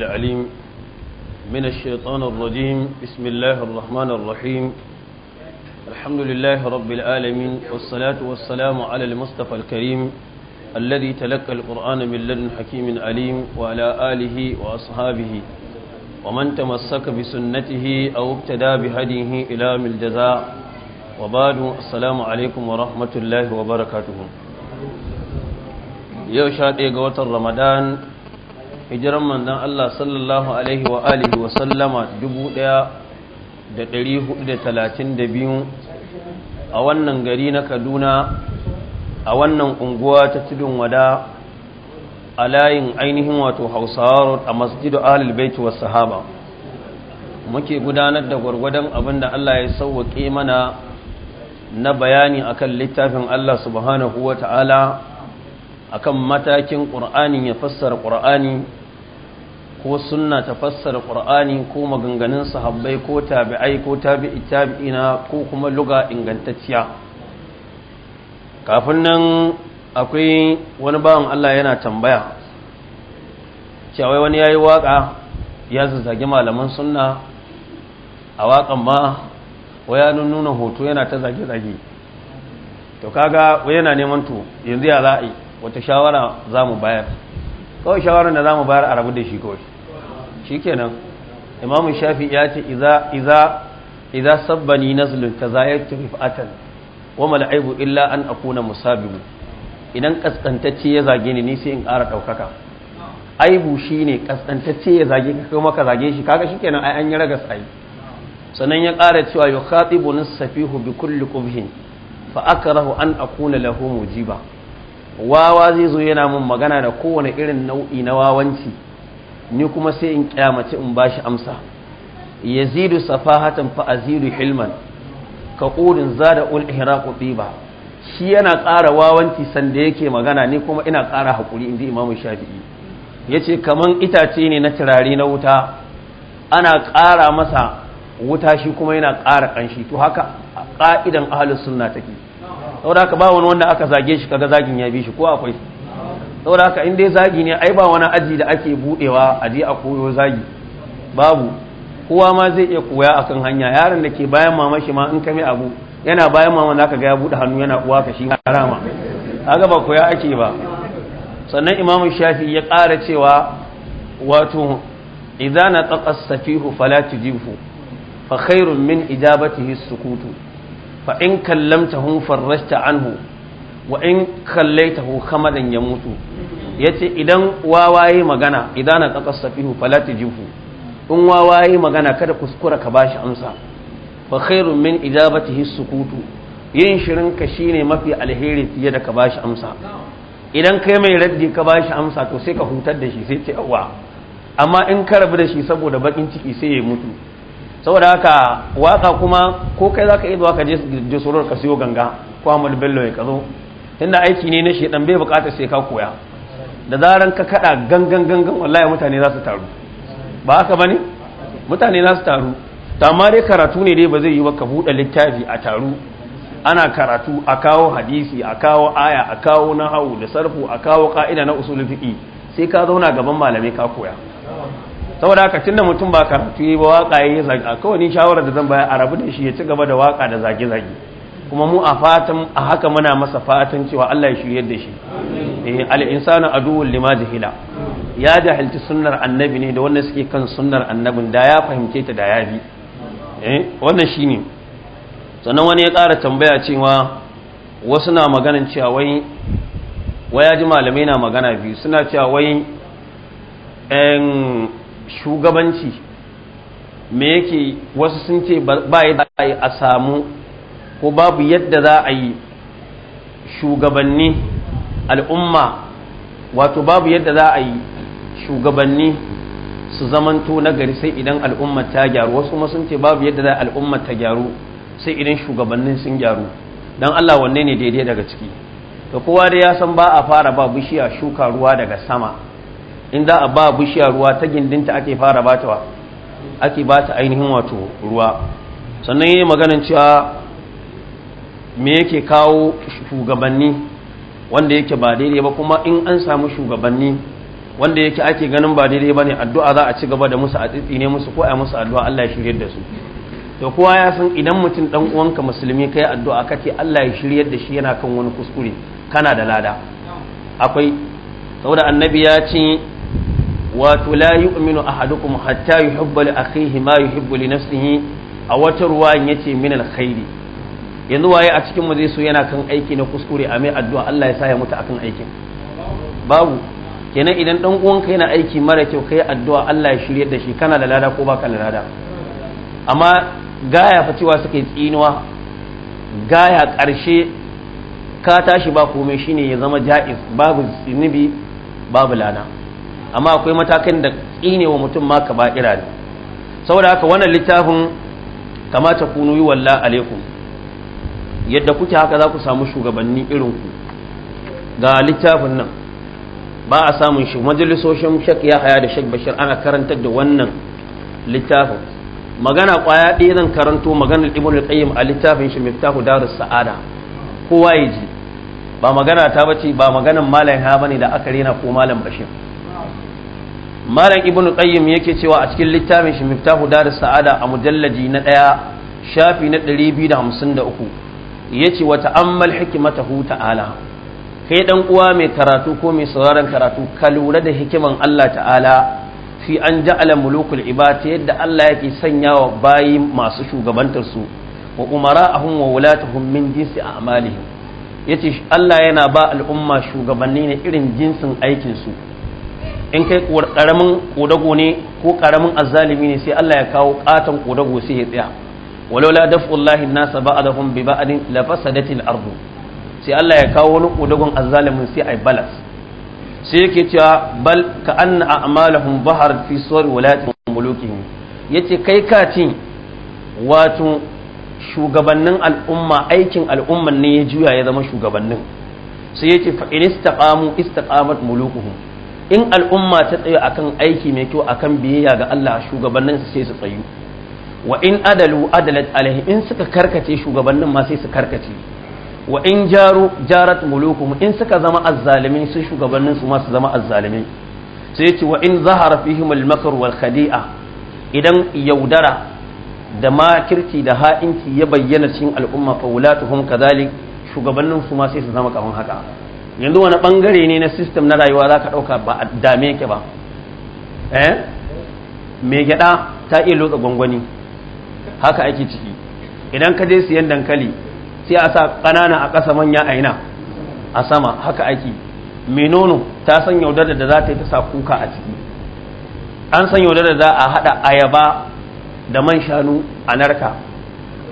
العليم من الشيطان الرجيم بسم الله الرحمن الرحيم الحمد لله رب العالمين والصلاة والسلام على المصطفى الكريم الذي تلقى القرآن من لدن حكيم عليم وعلى آله وأصحابه ومن تمسك بسنته أو ابتدى بهديه إلى من الجزاء وبعد السلام عليكم ورحمة الله وبركاته يوشاد إيقوة رمضان hijiran manzon Allah sallallahu alaihi wa alihi wa sallama biyu, a wannan gari na Kaduna a wannan unguwa ta tudun wada a layin ainihin wato Hausawa a Masjidu Ahlul Bait was Sahaba muke gudanar da gwargwadon abin da Allah ya sauwake mana na bayani akan littafin Allah subhanahu wa ta'ala akan matakin ƙur'anin ya fassara ƙur'ani ko sunna ta fassara ƙur'ani ko maganganun sahabbai ko tabi'ai ko tabi'i tabi'ina ko kuma luga ingantacciya kafin nan akwai wani bawan Allah yana tambaya cewa wani yayi waka ya zazzage malaman sunna a waƙan ma waya nuna hoto yana ta zage-zage to kaga yana neman to yanzu ya za'a wata shawara za mu bayar kawai shawarar da za mu bayar a rabu da shi kawai shikenan imam shafi ya ce na zulunta idza sabbani nazlun tazayatu rifatan wa mal aibu illa an akuna musabibu idan kaskantacce ya zage ni sai in ƙara daukaka aibu shine kaskantacce ya zage ka kuma ka zage shi kaga shikenan ai an yi ragas ai sannan ya ƙara cewa bonin safihu bi kulli qubhin fa aka rahu an akuna lahu mujiba wawa zai zo yana mun magana da kowane irin nau'i na wawanci ni kuma sai in kyamace in ba shi amsa yazidu safahatan fa azidu hilman ka qudin zada ul ihraqu tiba shi yana ƙara wawanci sanda yake magana ni kuma ina ƙara hakuri inji imamu shafi'i yace kaman itace ne na turare na wuta ana ƙara masa wuta shi kuma yana ƙara ƙanshi to haka ƙa'idan ahlus sunna take saboda haka ba wani wanda aka zage shi kaga zagin ya bi shi ko akwai saboda haka in dai zagi ne ai ba wani aji da ake budewa aji a koyo zagi babu kowa ma zai iya koya akan hanya yaron da ke bayan mama shi ma in ka mai abu yana bayan mama zaka ga ya bude hannu yana uwa ka shi harama kaga ba koya ake ba sannan imamu shafi ya ƙara cewa wato idan na taqas safihu fala tujibu fa khairun min ijabatihi sukutu fa in kallamtahum farrajta anhu wa in hu kamadan ya mutu yace idan wawaye magana idan na kakas safihu fala in wawaye magana kada kuskura ka bashi amsa fa khairu min ijabatihi sukutu yin shirin ka shine mafi alheri fiye da ka bashi amsa idan kai mai raddi ka bashi amsa to sai ka hutar da shi sai ce awwa amma in ka rabu da shi saboda bakin ciki sai ya mutu saboda haka waka kuma ko kai zaka iya zuwa ka je jisurar ka siyo ganga ko Ahmad Bello ya kazo tunda aiki ne na shedan bai bukatar sai ka koya da zaran ka kada gangan gangan wallahi mutane za su taru ba haka bane mutane za su taru amma dai karatu ne dai ba zai yi ba ka buɗe littafi a taru ana karatu a kawo hadisi a kawo aya a kawo nahawu da sarfu a kawo ka'ida na usulul fiqi sai ka zauna gaban malamai ka koya saboda haka tunda mutum ba karatu yi ba waka yi zage a kawai shawarar da zan baya arabu da shi ya ci gaba da waka da zage zage kuma mu a fatan a haka muna masa fatan cewa Allah ya shirye da shi eh al-insanu aduwwul lima jahila ya jahilci sunnar annabi ne da wanda suke kan sunnar annabin da ya fahimce ta da ya bi eh wannan shine sannan wani ya ƙara tambaya cewa wasu na magana cewa wai ya ji malamai na magana biyu suna cewa wai shugabanci me yake wasu sun ce ba yi a samu ko babu yadda za a yi shugabanni al'umma wato babu yadda za a yi shugabanni su zamanto na gari sai idan al'umma ta gyaru wasu kuma sun ce babu yadda za al'umma ta gyaru sai idan shugabannin sun gyaru dan Allah wanne ne daidai daga ciki to kowa da ya san ba a fara ba bishiya shuka ruwa daga sama in za a ba bishiya ruwa ta gindinta ake fara bata ake bata ainihin wato ruwa sannan yi maganin cewa me yake kawo shugabanni wanda yake ba daidai ba kuma in an samu shugabanni wanda yake ake ganin ba daidai ba ne addu'a za a ci gaba da musu a ne musu ko a musu addu'a Allah ya shirye da su to kowa ya san idan mutum dan uwanka musulmi kai addu'a kake Allah ya shirye da shi yana kan wani kuskure kana da lada akwai saboda annabi ya ce wato la yu'minu ahadukum hatta yuhibba li akhihi ma yuhibbu li nafsihi a wata ruwa yace min alkhairi yanzu waye a cikin mu zai so yana kan aiki na kuskure a mai addu'a Allah ya sa ya mutu akan aikin babu kenan idan dan uwanka yana aiki mara kyau kai addu'a Allah ya shirye da shi kana da lada ko baka da lada amma gaya fa cewa suka yi tsinuwa gaya karshe ka tashi ba komai shine ya zama ja'iz babu zunubi babu lana amma akwai matakan da tsine mutum ma ka ba ne saboda haka wannan littafin kamata kunu yi walla alaikum yadda kuke haka za ku samu shugabanni irin ku ga littafin nan ba a samun shi majalisoshin shak ya haya da shak bashir ana karantar da wannan littafin magana kwaya ɗaya zan karanto magana ibn al-qayyim a littafin shi miftahu darus sa'ada kowa ya ba magana ta bace ba maganan malam ha bane da aka rena ko malam bashir malam ibn qayyim yake cewa a cikin littafin shi miftahu darus sa'ada a mujallaji na ɗaya shafi na 253 ya ce yace ammal hikimata hu ta'ala kai dan uwa mai karatu ko mai sauraron karatu ka lura da hikiman Allah ta'ala fi an ja'ala mulukul ta yadda Allah yake wa bayi masu shugabantar su wa umara'ahum wa wulatuhum min jinsi a'malihim yace Allah yana ba al'umma shugabanni na irin jinsin aikin su in kai ƙaramin kodago ne ko ƙaramin azzalimi ne sai Allah ya kawo katon ƙodago sai ya tsaya walaula daf'ullahi an-nas ba'dahum a ba'din la fasadatil ardu sai Allah ya kawo wani a azzalimin sai ai balas sai yake cewa bal ka anna a'malahum bahar fi suwar walatin Ya ce kai ka wato shugabannin al'umma aikin al'umman ne ya juya ya zama shugabannin sai ya ce in istaqamu istaqamat mulukuhum in al'umma ta tsaye akan aiki mai kyau akan biyayya ga Allah shugabannin su sai su tsayu wa in adalu adalat alaihi in suka karkace shugabannin ma sai su karkace wa in jaru jarat mulukum in suka zama azzalimin sai shugabannin su ma su zama azzalimin sai yace wa in zahara fihim al makr wal khadi'a idan yaudara da makirci da ha'inci ya bayyana cikin al'umma fa wulatuhum kadhalik shugabannin su ma sai su zama kaman haka yanzu wani bangare ne na system na rayuwa zaka dauka ba dame ke ba eh me gyada ta iya lotsa gwangwani haka ake ciki idan ka je siyan dankali sai a sa ƙanana a ƙasa manya aina a sama haka ake mai nono ta san yaudar da za ta yi ta sa kuka a ciki an san yaudar da za a haɗa ayaba da man shanu a narka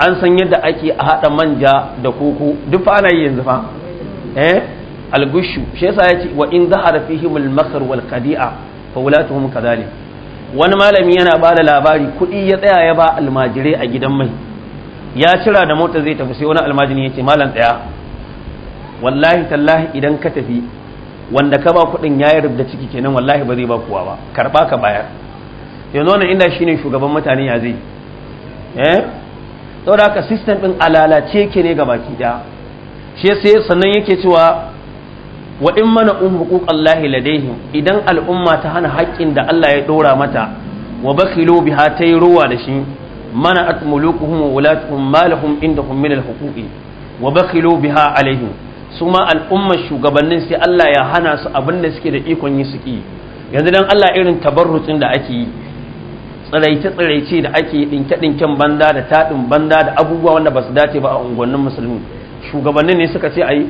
an san yadda ake a haɗa manja da koko duk fa ana yi yanzu fa eh algushu shi yasa yace wa in zahara fihim al-makr wal qadi'a fa wulatuhum kadhalik wani malami yana ba da labari kuɗi ya tsaya ya ba almajirai a gidan mai ya cira da mota zai tafi sai wani almajiri ya ce malam tsaya wallahi tallahi idan ka tafi wanda ka ba kuɗin ya yi rubda ciki kenan wallahi ba zai ba kuwa ba karɓa ka bayar yanzu wannan inda ne shugaban mutane ya zai eh saboda haka system din alalace ke ne ga baki ɗaya shi sai sannan yake cewa wa in mana um Allah ladaihim idan al'umma ta hana haƙƙin da Allah ya dora mata wa bakhilu biha tayi ruwa da shi mana at mulukuhum wa ulatuhum malahum indahum min al huquqi wa bakhilu biha alaihim suma al'umma shugabannin sai Allah ya hana su abinda suke da ikon yi suki yanzu dan Allah irin tabarrutsin da ake yi tsiraice tsiraice da ake dinke dinken banda da tadin banda da abubuwa wanda ba su dace ba a unguwannin musulmi shugabannin ne suka ce ayi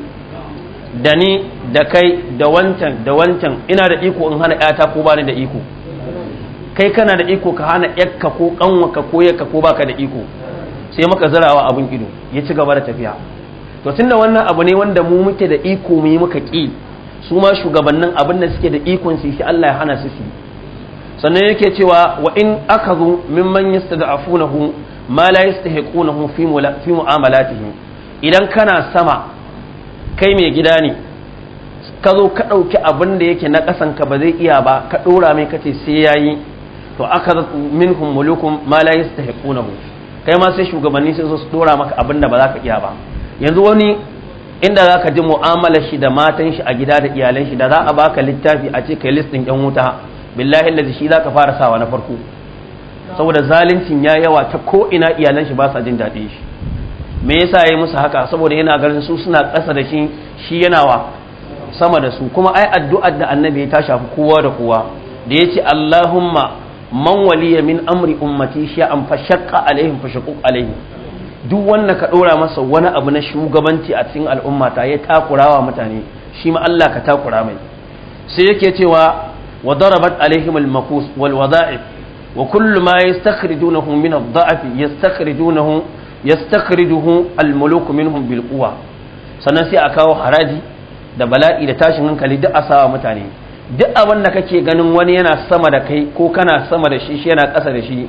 da ni da kai da wancan da wancan ina da iko in hana yata ko bani da iko kai kana da iko ka hana yakka ko kanwaka ko yakka ko baka da iko sai maka zarawa abun ido ya ci gaba da tafiya to tunda wannan abu ne wanda mu muke da iko mu yi muka ki su ma shugabannin abin da suke da ikon su shi Allah ya hana su su sannan yake cewa wa in akazu mimman yastad'afunahu ma la yastahiqunahu fi mu'amalatihim idan kana sama kai mai gida ne ka zo ka ɗauki abin da yake na ka ba zai iya ba ka ɗora mai kace sai ya yi to aka zata min hummulukun ma la yastahiqunahu kai ma sai shugabanni sai su ɗora maka abin da ba za ka iya ba yanzu wani inda za ka ji mu'amalar shi da matan shi a gida da iyalan shi da za a baka littafi a ce kai listin yan wuta billahi lazi shi za ka fara sawa na farko saboda zaluncin ya yawa ta ko ina iyalan shi ba sa jin daɗin shi me yasa yi musu haka saboda yana ganin su suna ƙasa da shi shi yana wa sama da su kuma ai addu'ar da annabi ya ta shafi kowa da kowa da ya ce Allahumma man waliya min amri ummati an fa shaqqa alaihim fa shaqqa duk wanda ka ɗora masa wani abu na shugabanci a cikin al'umma ta ya takurawa mutane shi ma Allah ka takura mai sai yake cewa wa darabat alaihim al-makus wal wada'if wa kullu ma yastakhrijunahu min ad-da'f yastakhrijunahu yastakhrijuhu al-muluk minhum bil quwa sannan sai a kawo haraji da bala'i da tashin hankali duk a sawa mutane duk abin da kake ganin wani yana sama da kai ko kana sama da shi shi yana ƙasa da shi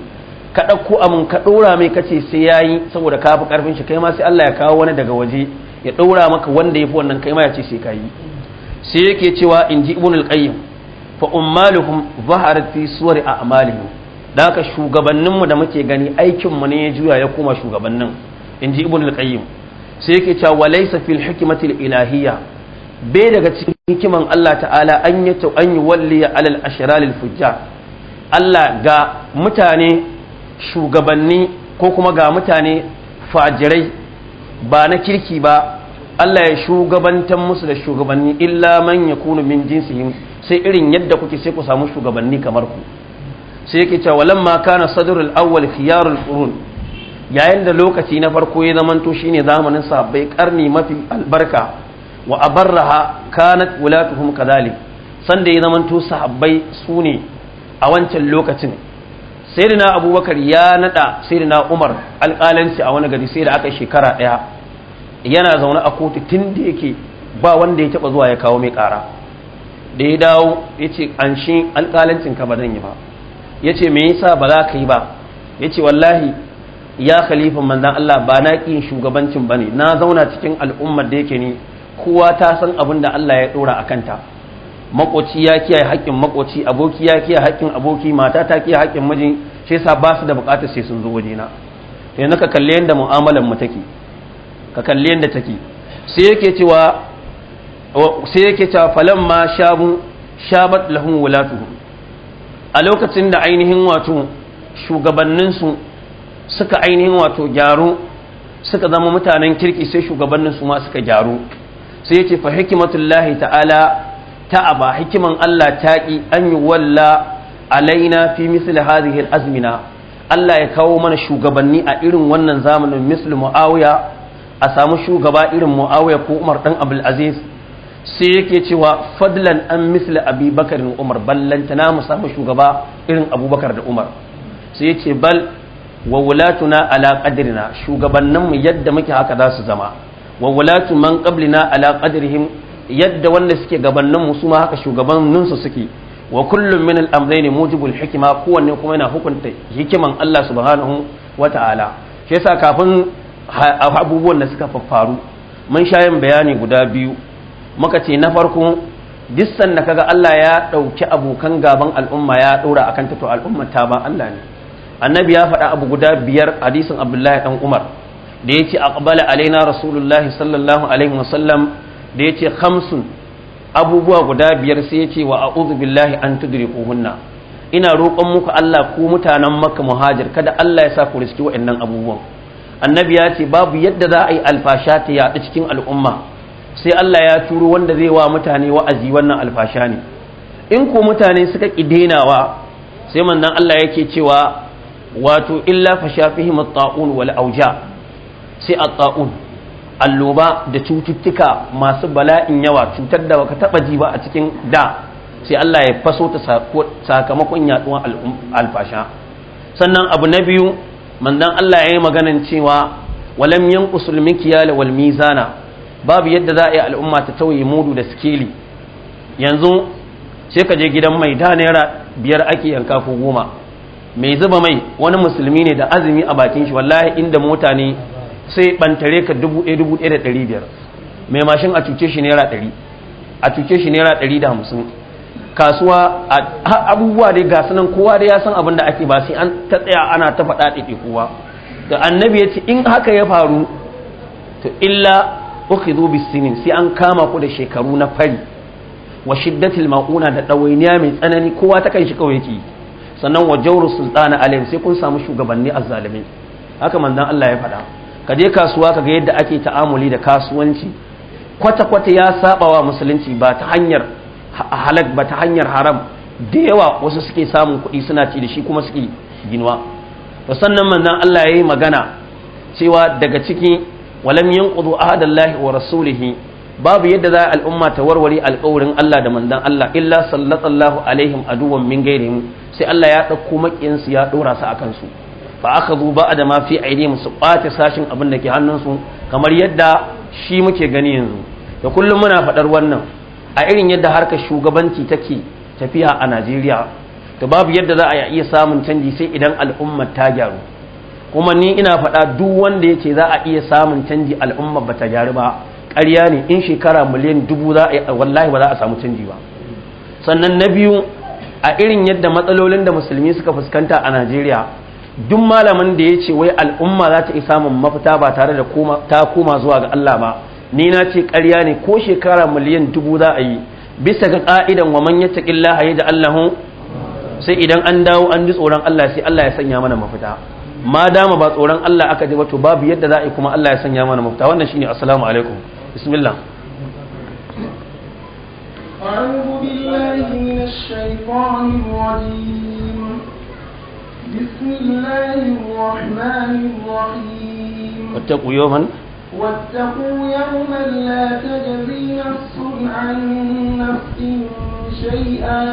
ka ɗauko amin ka ɗora mai kace sai yayi saboda ka fi ƙarfin shi kai ma sai Allah ya kawo wani daga waje ya ɗora maka wanda ya fi wannan kai ma ya ce sai ka yi sai yake cewa in ji ibn qayyim fa ummaluhum zaharat fi suwari a'malihim da shugabannin shugabanninmu da muke gani aikinmu ne ya juya ya koma shugabannin in ji ibn al-qayyim sai yake cewa walaysa fil hikmati ilahiyya bai daga cikin hikiman Allah ta'ala an yi an yi walliya alal ashral al fujja Allah ga mutane shugabanni ko kuma ga mutane fajirai ba na kirki ba Allah ya shugabantar musu da shugabanni illa man yakunu min jinsihim sai irin yadda kuke sai ku samu shugabanni kamar ku sai yake cewa walamma kana sadrul awwal khiyarul qurun yayin da lokaci na farko ya zamanto shine zamanin sahabbai karni mafi albarka wa abarraha kanat wulatuhum kadhalik sanda ya zamanto sahabbai sune a wancan lokacin sayyidina abubakar ya nada sayyidina umar alƙalanci a wani gari sai da aka shekara daya yana zaune a kotu tun da yake ba wanda ya taba zuwa ya kawo mai kara da ya dawo ya ce an shi alƙalancin ka ba zan yi ba ya ce me yasa ba za ka yi ba ya ce wallahi ya khalifan manzan Allah ba na ƙin shugabancin ba ne na zauna cikin al'ummar da yake ni kowa ta san abin da Allah ya ɗora a kanta makoci ya kiyaye haƙƙin makoci aboki ya kiyaye haƙƙin aboki mata ta kiyaye haƙƙin miji shi yasa ba su da buƙatar sai sun zo wajena yanzu ka kalli yadda mu'amalar mu take ka kalli yadda take sai yake cewa sai yake cewa falamma shabu shabat lahum wulatuhum a lokacin da ainihin wato shugabanninsu suka ainihin wato gyaru suka zama mutanen kirki sai shugabanninsu ma suka gyaru sai ya ce fa hikimatullahi ta'ala ta aba hikiman Allah ta ƙi an yi walla alaina fi misli hadhihi azmina Allah ya kawo mana shugabanni a irin wannan zamanin misli muawiya a samu shugaba irin muawiya ko Umar dan abul Aziz sai yake cewa fadlan an misli abi bakar da umar na mu samu shugaba irin abubakar da umar sai ya ce bal wa wulatuna ala qadrina shugabanninmu yadda muke haka za su zama wa wulatu man qablina ala qadrihim yadda wanda suke gabanin mu su ma haka shugabannin su suke wa kullum min al-amrayn mujibul hikima kowanne kuma yana hukunta hikiman Allah subhanahu wata'ala shi yasa kafin abubuwan da suka faru mun sha yin bayani guda biyu muka ce na farko dissan da kaga Allah ya ɗauki abokan gaban al'umma ya ɗora akan ta to al'umma ta ba Allah ne annabi ya faɗa abu guda biyar hadisin abdullahi dan umar da ya ce aqbala alaina rasulullahi sallallahu alaihi wasallam da ya ce khamsun abubuwa guda biyar sai ya ce wa a'udhu billahi an tudrikuhunna ina roƙon muku Allah ku mutanen Makka muhajir kada Allah ya sa ku riski waɗannan abubuwan annabi ya ce babu yadda za a yi alfasha ta yaɗu cikin al'umma sai Allah ya turo wanda zai wa mutane wa'azi wannan alfasha ne in ko mutane suka kidenawa sai mannan Allah yake cewa wato illa fashafihim at-ta'un wal auja sai at-ta'un alloba da cututtuka masu bala'in yawa cutar da baka taba ji ba a cikin da sai Allah ya faso ta sakamakon yaduwar alfasha sannan abu na biyu Mandan Allah ya yi maganan cewa walam yanqusul mikyala wal mizana babu yadda za a yi al'umma ta tauye mudu da sikeli yanzu sai ka je gidan mai da naira biyar ake yanka ko goma mai zuba mai wani musulmi ne da azumi a bakin shi wallahi inda mota ne sai bantare ka dubu ɗaya dubu ɗaya da ɗari biyar mai mashin a cuce shi naira ɗari a cuce shi naira ɗari da hamsin kasuwa abubuwa dai ga sunan kowa da ya san abin da ake ba sai an ta tsaya ana ta faɗa ɗaiɗe kowa da annabi ya ce in haka ya faru to illa ukhidhu bisinin sai an kama ku da shekaru na fari wa shiddatil mauna da dawainiya mai tsanani kowa ta kan shi kawai sannan wa jawru sultana alayhim sai kun samu shugabanni azzalimi haka manzon Allah ya faɗa ka je kasuwa ka ga yadda ake ta'amuli da kasuwanci kwata kwata ya saba wa musulunci ba ta hanyar halak ba ta hanyar haram da yawa wasu suke samun kuɗi suna ci da shi kuma suke ginuwa to sannan manzon Allah ya yi magana cewa daga cikin walam yanqudu ahadallahi wa rasulihi babu yadda za al'umma ta warware alƙawarin Allah da mandan Allah illa sallallahu alaihim aduwan min gairihim sai Allah ya ɗauko maƙiyansu ya ɗora su a kansu fa aka zo ba da ma fi aidihim su ƙwace sashin abin da ke hannunsu kamar yadda shi muke gani yanzu da kullum muna faɗar wannan a irin yadda harkar shugabanci take tafiya a Najeriya to babu yadda za a iya samun canji sai idan al'umma ta gyaru kuma ni ina faɗa duk wanda ya ce za a iya samun canji al'umma ba ta gyaru ba ƙarya ne in shekara miliyan dubu za a wallahi ba za a samu canji ba sannan na biyu a irin yadda matsalolin da musulmi suka fuskanta a najeriya duk malamin da ya ce wai al'umma za ta iya samun mafita ba tare da ta koma zuwa ga allah ba ni na ce ƙarya ne ko shekara miliyan dubu za a yi bisa ga ƙa'idan wa man yattaqillaha da lahu sai idan an dawo an ji tsoron Allah sai Allah ya sanya mana mafita ma dama ba tsoron Allah aka ji wato babu yadda za a yi kuma Allah ya sanya mana mafita wannan shine assalamu alaikum bismillah أعوذ بالله من الشيطان الرجيم بسم الله الرحمن الرحيم واتقوا يوما واتقوا يوما لا تجزي نفس عن نفس شيئا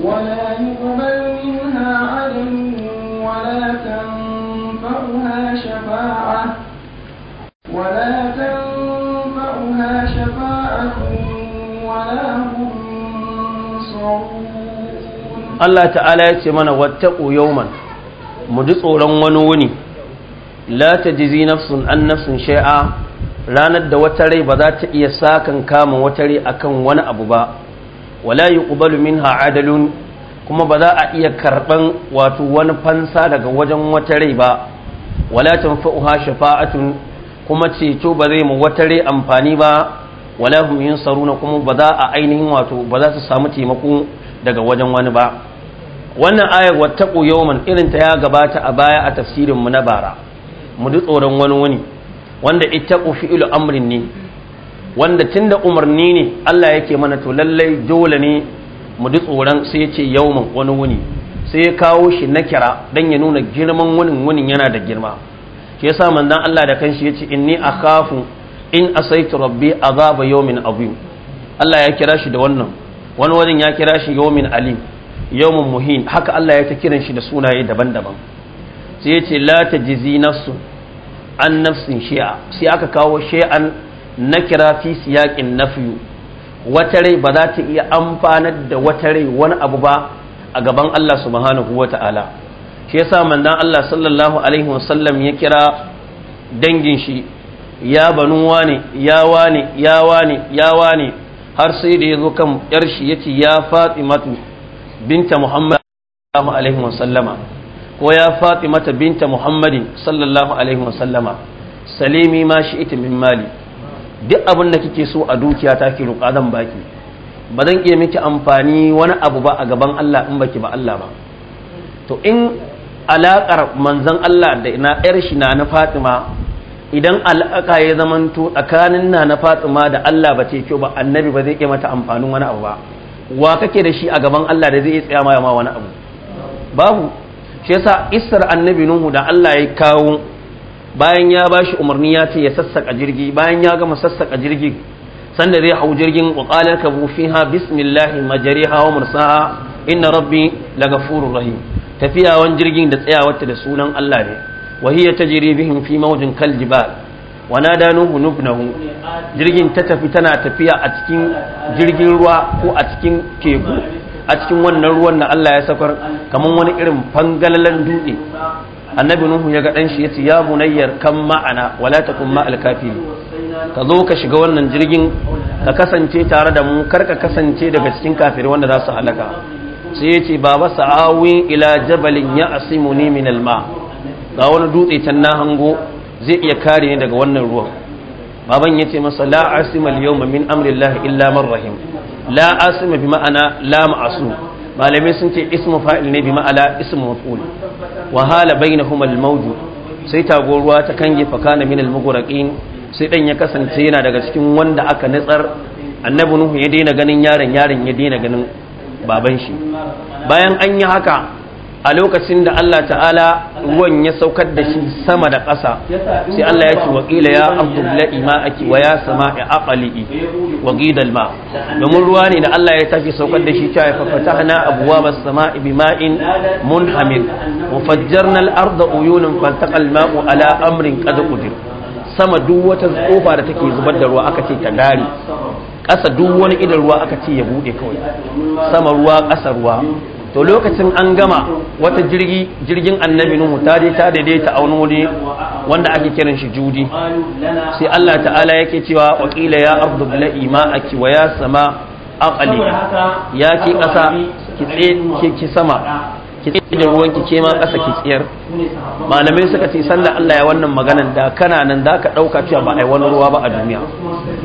ولا يقبل منها عدل ولا تنفعها شفاعة ولا تنفعها شفاعة ولا هم Allah ta'ala ya ce mana wattaƙo yauman mu ji tsoron wani wuni la ta jizi nafsun an nafsun shai'a ranar da wata rai ba za ta iya sakan kama wata rai akan wani abu ba wala yi ƙubalu min ha'adalun kuma ba za a iya karɓan wato wani fansa daga wajen wata rai ba wala tanfa'uha shafa'atun kuma ceto ba zai mu wata rai amfani ba wala hum yunsaruna kuma ba za a ainihin wato ba za su samu taimako daga wajen wani ba wannan ayar wattaqu yawman irin ta ya gabata a baya a tafsirin mu na bara mu ji tsoron wani wani wanda ittaqu fi'lu amrin ne wanda tunda umarni ne Allah yake mana to lallai dole ne mu ji tsoron sai ya ce yawman wani wuni sai ya kawo shi na kira dan ya nuna girman wunin wunin yana da girma shi yasa manzon Allah da kanshi ya ce inni akhafu in asaitu rabbi azaba yawmin abu. Allah ya kira shi da wannan wani wajen ya kira shi yawmin alim yawmin muhin haka Allah ya ta kiran shi da sunaye daban-daban sai ya ce la jizi nafsu an nafsin shi'a sai aka kawo shi'an nakira fi siyaqin nafyu wata rai ba za ta iya amfanar da wata rai wani abu ba a gaban Allah subhanahu wa ta'ala shi yasa mandan Allah sallallahu alaihi wasallam ya kira dangin shi ya banu wane ya wane ya wane ya wane har sai da ya zo kan yar shi ya ce ya fatimatu binta muhammad sallallahu alaihi wasallama ko ya fatimata binta muhammadin sallallahu alaihi wasallama salimi ma shi ita min mali duk abin da kike so a dukiya ta ki roƙa zan baki ba zan iya miki amfani wani abu ba a gaban Allah in baki ba Allah ba to in alaƙar manzon Allah da ina ƴar shi na na Fatima idan alaƙa ya zamanto tsakanin na na Fatima da Allah ba ce kyau ba annabi ba zai iya mata amfanin wani abu ba wa kake da shi a gaban Allah da zai iya tsaya ma wani abu babu shi yasa isar annabi Nuhu da Allah ya kawo bayan ya ba shi umarni ya ce ya sassaka jirgi bayan ya gama sassaka jirgi sanda zai hau jirgin wa ka bufi ha bismillah majari hawa mursaha inna rabbi lagafurur rahim tafiyawan jirgin da tsayawarta da sunan Allah ne wa hiya tajri bihim fi mawjin kal jibal wa nada nuhu nubnahu jirgin ta tafi tana tafiya a cikin jirgin ruwa ko a cikin teku a cikin wannan ruwan da Allah ya sakar kamar wani irin fangalalan dutse annabi nuhu ya ga dan shi yace ya bunayyar kan ma'ana wala takum ma'al kafir ka zo ka shiga wannan jirgin ka kasance tare da mu kar ka kasance daga cikin kafir wanda za su halaka sai yace baba sa'awi ila jabalin ya asimuni min alma ga wani dutse can na hango zai iya kare ni daga wannan ruwan baban yace masa la asima al-yawma min amri illa man rahim la asima bi ma'ana la ma'asu malamai sun ce ismu fa'il ne bi ma'ala ismu maf'ul Wahala hala na al-mawju sai tagoruwa ta kange fakana min al-mughraqin sai dan ya kasance yana daga cikin wanda aka nitsar annabi nuhu ya daina ganin yaron yaron ya daina ganin baban shi bayan an yi haka a lokacin da Allah ta'ala ruwan ya saukar da shi sama da ƙasa sai Allah ya ce waƙila ya abdullahi ma'aki wa ya sama ya aqali'i wa gidal ma domin ruwa ne da Allah ya tashi saukar da shi ta ya fafata hana abuwa ba sama bima'in munhamir mufajjarnal arda uyunin fantaqal ma'u ala amrin qad qudir sama duk wata tsofa da take zubar da ruwa aka ce ta gari ƙasa duk wani idan ruwa aka ce ya bude kawai sama ruwa ƙasa ruwa to lokacin an gama wata jirgi jirgin annabi nuhu ta dai ta daidaita a wani wanda ake kiran shi judi sai Allah ta'ala yake cewa Wakila ya ardu bla'i ma'aki wa ya sama aqali ya ki kasa ki tsaye ki sama ki tsaye da ruwan ki kema kasa ki tsiyar malamai suka ce sallar Allah ya wannan maganan da kana nan zaka dauka cewa ba ai wani ruwa ba a duniya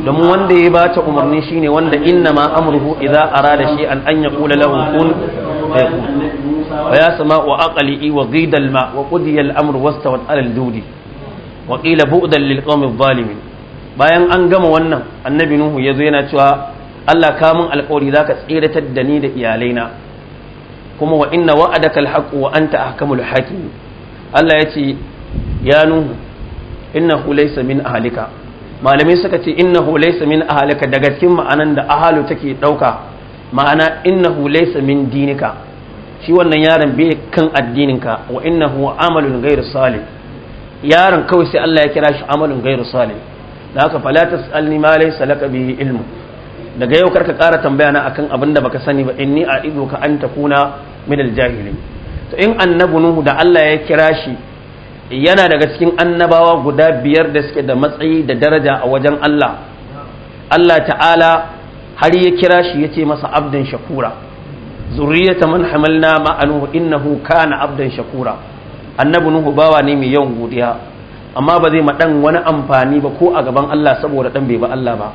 domin wanda ya bata umarni shine wanda inna ma amruhu idza arada shay'an an yaqula lahu kun ويا سماء أقلئي وغيد الماء وقضي الأمر واستوت على الجود وقيل بؤدا للقوم الظالمين bayan an gama wannan annabi nuhu ya zo yana cewa Allah ka mun alƙawari zaka tseratar da ni da iyalaina kuma wa inna wa'adaka alhaq wa anta ahkamul hakim Allah ya ce ya nuhu innahu laysa min ahlika malamai suka ce innahu laysa min ahlika daga cikin ma'anan da ahalu take dauka ma'ana innahu laisa min dinika shi wannan yaron bai kan addininka wa innahu amalun ghairu salih yaron kawai sai Allah ya kira shi amalun ghairu salih da haka fala tasalni ma laysa laka bihi ilmu daga yau karka kara tambaya na akan abin da baka sani ba inni a ido ka an kuna min aljahili to in annabi nuhu da Allah ya kira shi yana daga cikin annabawa guda biyar da suke da matsayi da daraja a wajen Allah Allah ta'ala har ya kira shi ya ce masa abdan shakura zuriyata man hamalna ma'anuhu innahu kana abdan shakura annabi nuhu bawa ne mai yawan godiya amma ba zai maɗan wani amfani ba ko a gaban Allah saboda ɗan bai ba Allah ba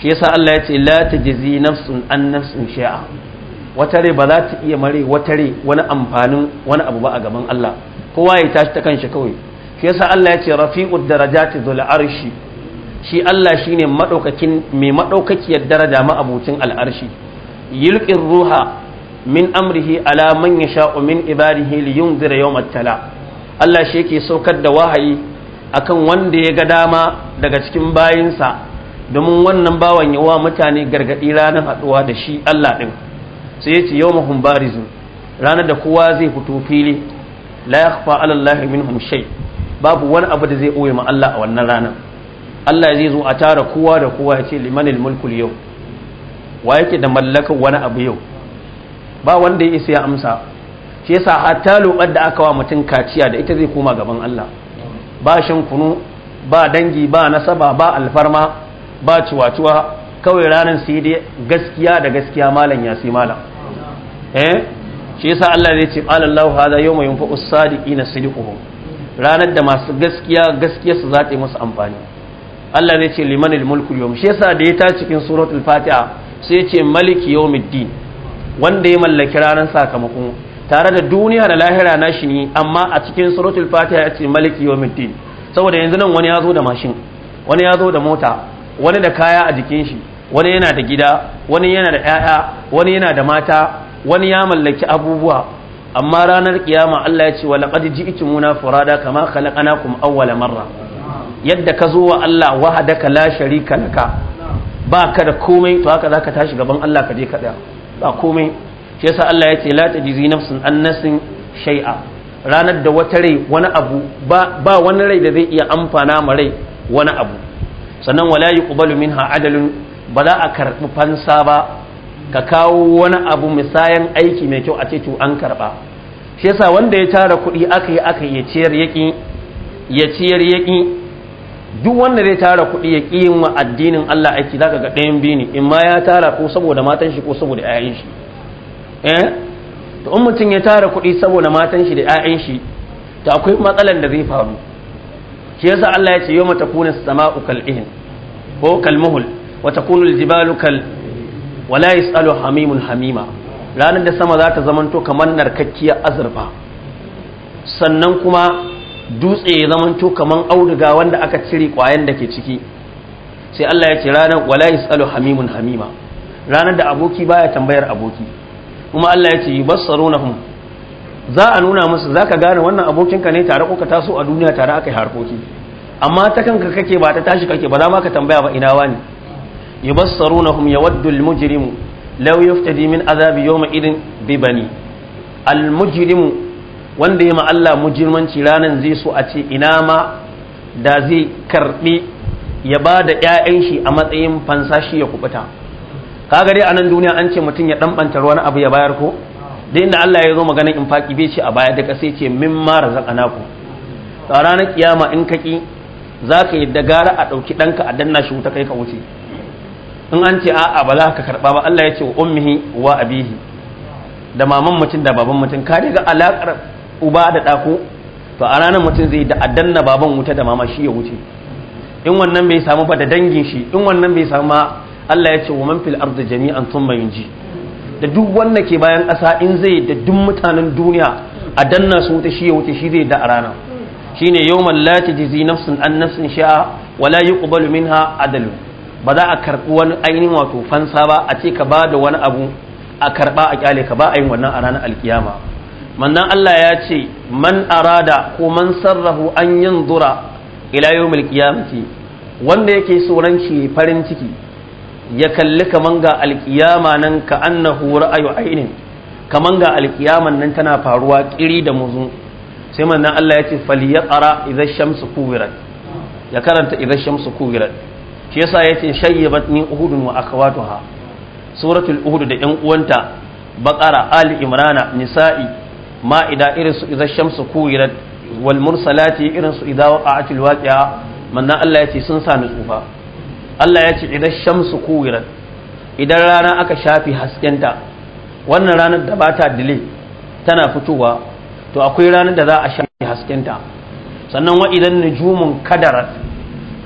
shi yasa Allah ya ce la tajzi nafsun an nafsun shay'a wata rai ba za ta iya mare wata rai wani amfanin wani abu ba a gaban Allah kowa ya tashi ta kanshi kawai shi yasa Allah ya ce rafi'ud darajati dhul arshi shi Allah shine maɗaukakin mai maɗaukakiyar daraja ma'abucin al'arshi yilƙin ruha min amrihi ala man sha'o min ibadihi zira yau matala Allah shi yake saukar da wahayi akan wanda ya ga dama daga cikin bayinsa domin wannan bawan yawa mutane gargaɗi ranar haɗuwa da shi Allah ɗin sai ya ce yawmahum barizu ranar da kowa zai fito fili la ya kafa Allah min babu wani abu da zai oye ma Allah a wannan ranar Allah zai zo a tara kowa da kowa ya ce limanil mulkul yau wa yake da mallakar wani abu yau ba wanda ya isa ya amsa shi yasa hatta lobar da aka wa mutum kaciya da ita zai koma gaban Allah ba shan kunu ba dangi ba nasaba ba alfarma ba ciwaciwa kawai ranar sai dai gaskiya da gaskiya malam ya sai malam eh shi yasa Allah zai ce qala Allahu hadha yawma yunfa'u as-sadiqina sidquhum ranar da masu gaskiya gaskiyarsu za ta yi musu amfani Allah zai ce liman ilmulku yau shi yasa da ya ta cikin al fatiha sai ce maliki yau yawmiddin wanda ya mallaki ranar sakamako tare da duniya da lahira na shi ne amma a cikin al fatiha ya ce maliki yawmiddin saboda yanzu nan wani ya zo da mashin wani ya zo da mota wani da kaya a jikin shi wani yana da gida wani yana da 'ya'ya wani yana da mata wani ya mallaki abubuwa amma ranar kiyama Allah ya ce wa laqad ji'tumuna furada kama khalaqnakum awwala marra yadda ka zo wa Allah wahadaka la sharika laka ba ka da komai to haka zaka tashi gaban Allah ka je ka daya ba komai shi yasa Allah ya ce la tajizi nafsun an nasin shay'a ranar da wata rai wani abu ba ba wani rai da zai iya amfana ma rai wani abu sannan wala yuqbalu minha adalun ba za a karbi fansa ba ka kawo wani abu misayan aiki mai kyau a ce to an karba shi yasa wanda ya tara kuɗi aka yi aka ciyar yaki ya ciyar yaki duk wanda zai tara kuɗi ya ƙi yin wa addinin Allah aiki zaka ga ɗayan biyu ne in ma ya tara ko saboda matan shi ko saboda ƴaƴan shi eh to in mutum ya tara kuɗi saboda matan shi da ƴaƴan shi to akwai matsalan da zai faru shi yasa Allah ya ce yawma mata as-sama'u ihin ko kalmuhul wa takunu al-jibalu kal hamimun hamima ranar da sama za ta zamanto kamar narkakkiyar azurfa sannan kuma dutse ya zamanto kaman auduga wanda aka cire kwayan da ke ciki sai Allah ya ce ranar wala yasalu hamimun hamima ranar da aboki baya tambayar aboki kuma Allah ya ce yubassarunahum za a nuna musu zaka gane wannan abokin ka ne tare kuka taso a duniya tare aka yi harkoki amma ta kanka kake ba ta tashi kake ba za ma ka tambaya ba ina wani yubassarunahum yawaddu almujrimu law yuftadi min azabi yawma idin bibani almujrimu wanda ya ma Allah mujirmanci ranan zai so a ce ina ma da zai karbi ya ba da 'ya'yan shi a matsayin fansa shi ya kubuta kaga dai a nan duniya an ce mutum ya ɗanɓanta wani abu ya bayar ko da inda Allah ya zo maganin faƙi bai ce a baya da kasai ce min ma razaqnaku to a ranar kiyama in ka ki zaka yadda gara a ɗauki ɗanka a danna shi wuta kai ka wuce in an ce a'a ba za ka karɓa ba Allah ya ce wa ummihi wa abihi da maman mutum da baban mutum ka ga alaƙar uba da ɗako to a ranar mutum zai da addanna baban wuta da mama shi ya wuce in wannan bai samu ba da dangin shi in wannan bai samu ma Allah ya ce wa man fil ardi jami'an thumma yunji da duk wanda ke bayan ƙasa in zai da duk mutanen duniya a danna su wuta shi ya wuce shi zai da a rana shine yawmal la tajzi nafsun an nafsin sha'a la yuqbalu minha adl ba za a karɓi wani ainihin wato fansa ba a ce ka ba da wani abu a karɓa a kyale ka ba a yin wannan a ranar alkiyama Mannan Allah ya ce man arada ko man sarrahu an zura ila yawmil mace. wanda yake so ranci farin ciki ya kalli kaman ga alkiyama nan ka annahu ra'ayu ainin kaman ga alkiyaman nan tana faruwa kiri da muzu sai mannan Allah ya ce falyaqra idza shamsu kuwirat ya karanta idza shamsu kuwirat shi yasa yace shayyabatni uhudun wa akhawatuha suratul uhud da yan uwanta baƙara ali imrana nisa'i ma'ida irin su idan shamsu kuwirat wal mursalati irin su idan waqa'at al waqi'a manna Allah yace sun sa nutsufa Allah ya ce idan shamsu kuwirat idan rana aka shafi haskenta wannan ranar da bata dile tana fitowa to akwai ranar da za a sha shafi haskenta sannan wa idan nujumun kadarat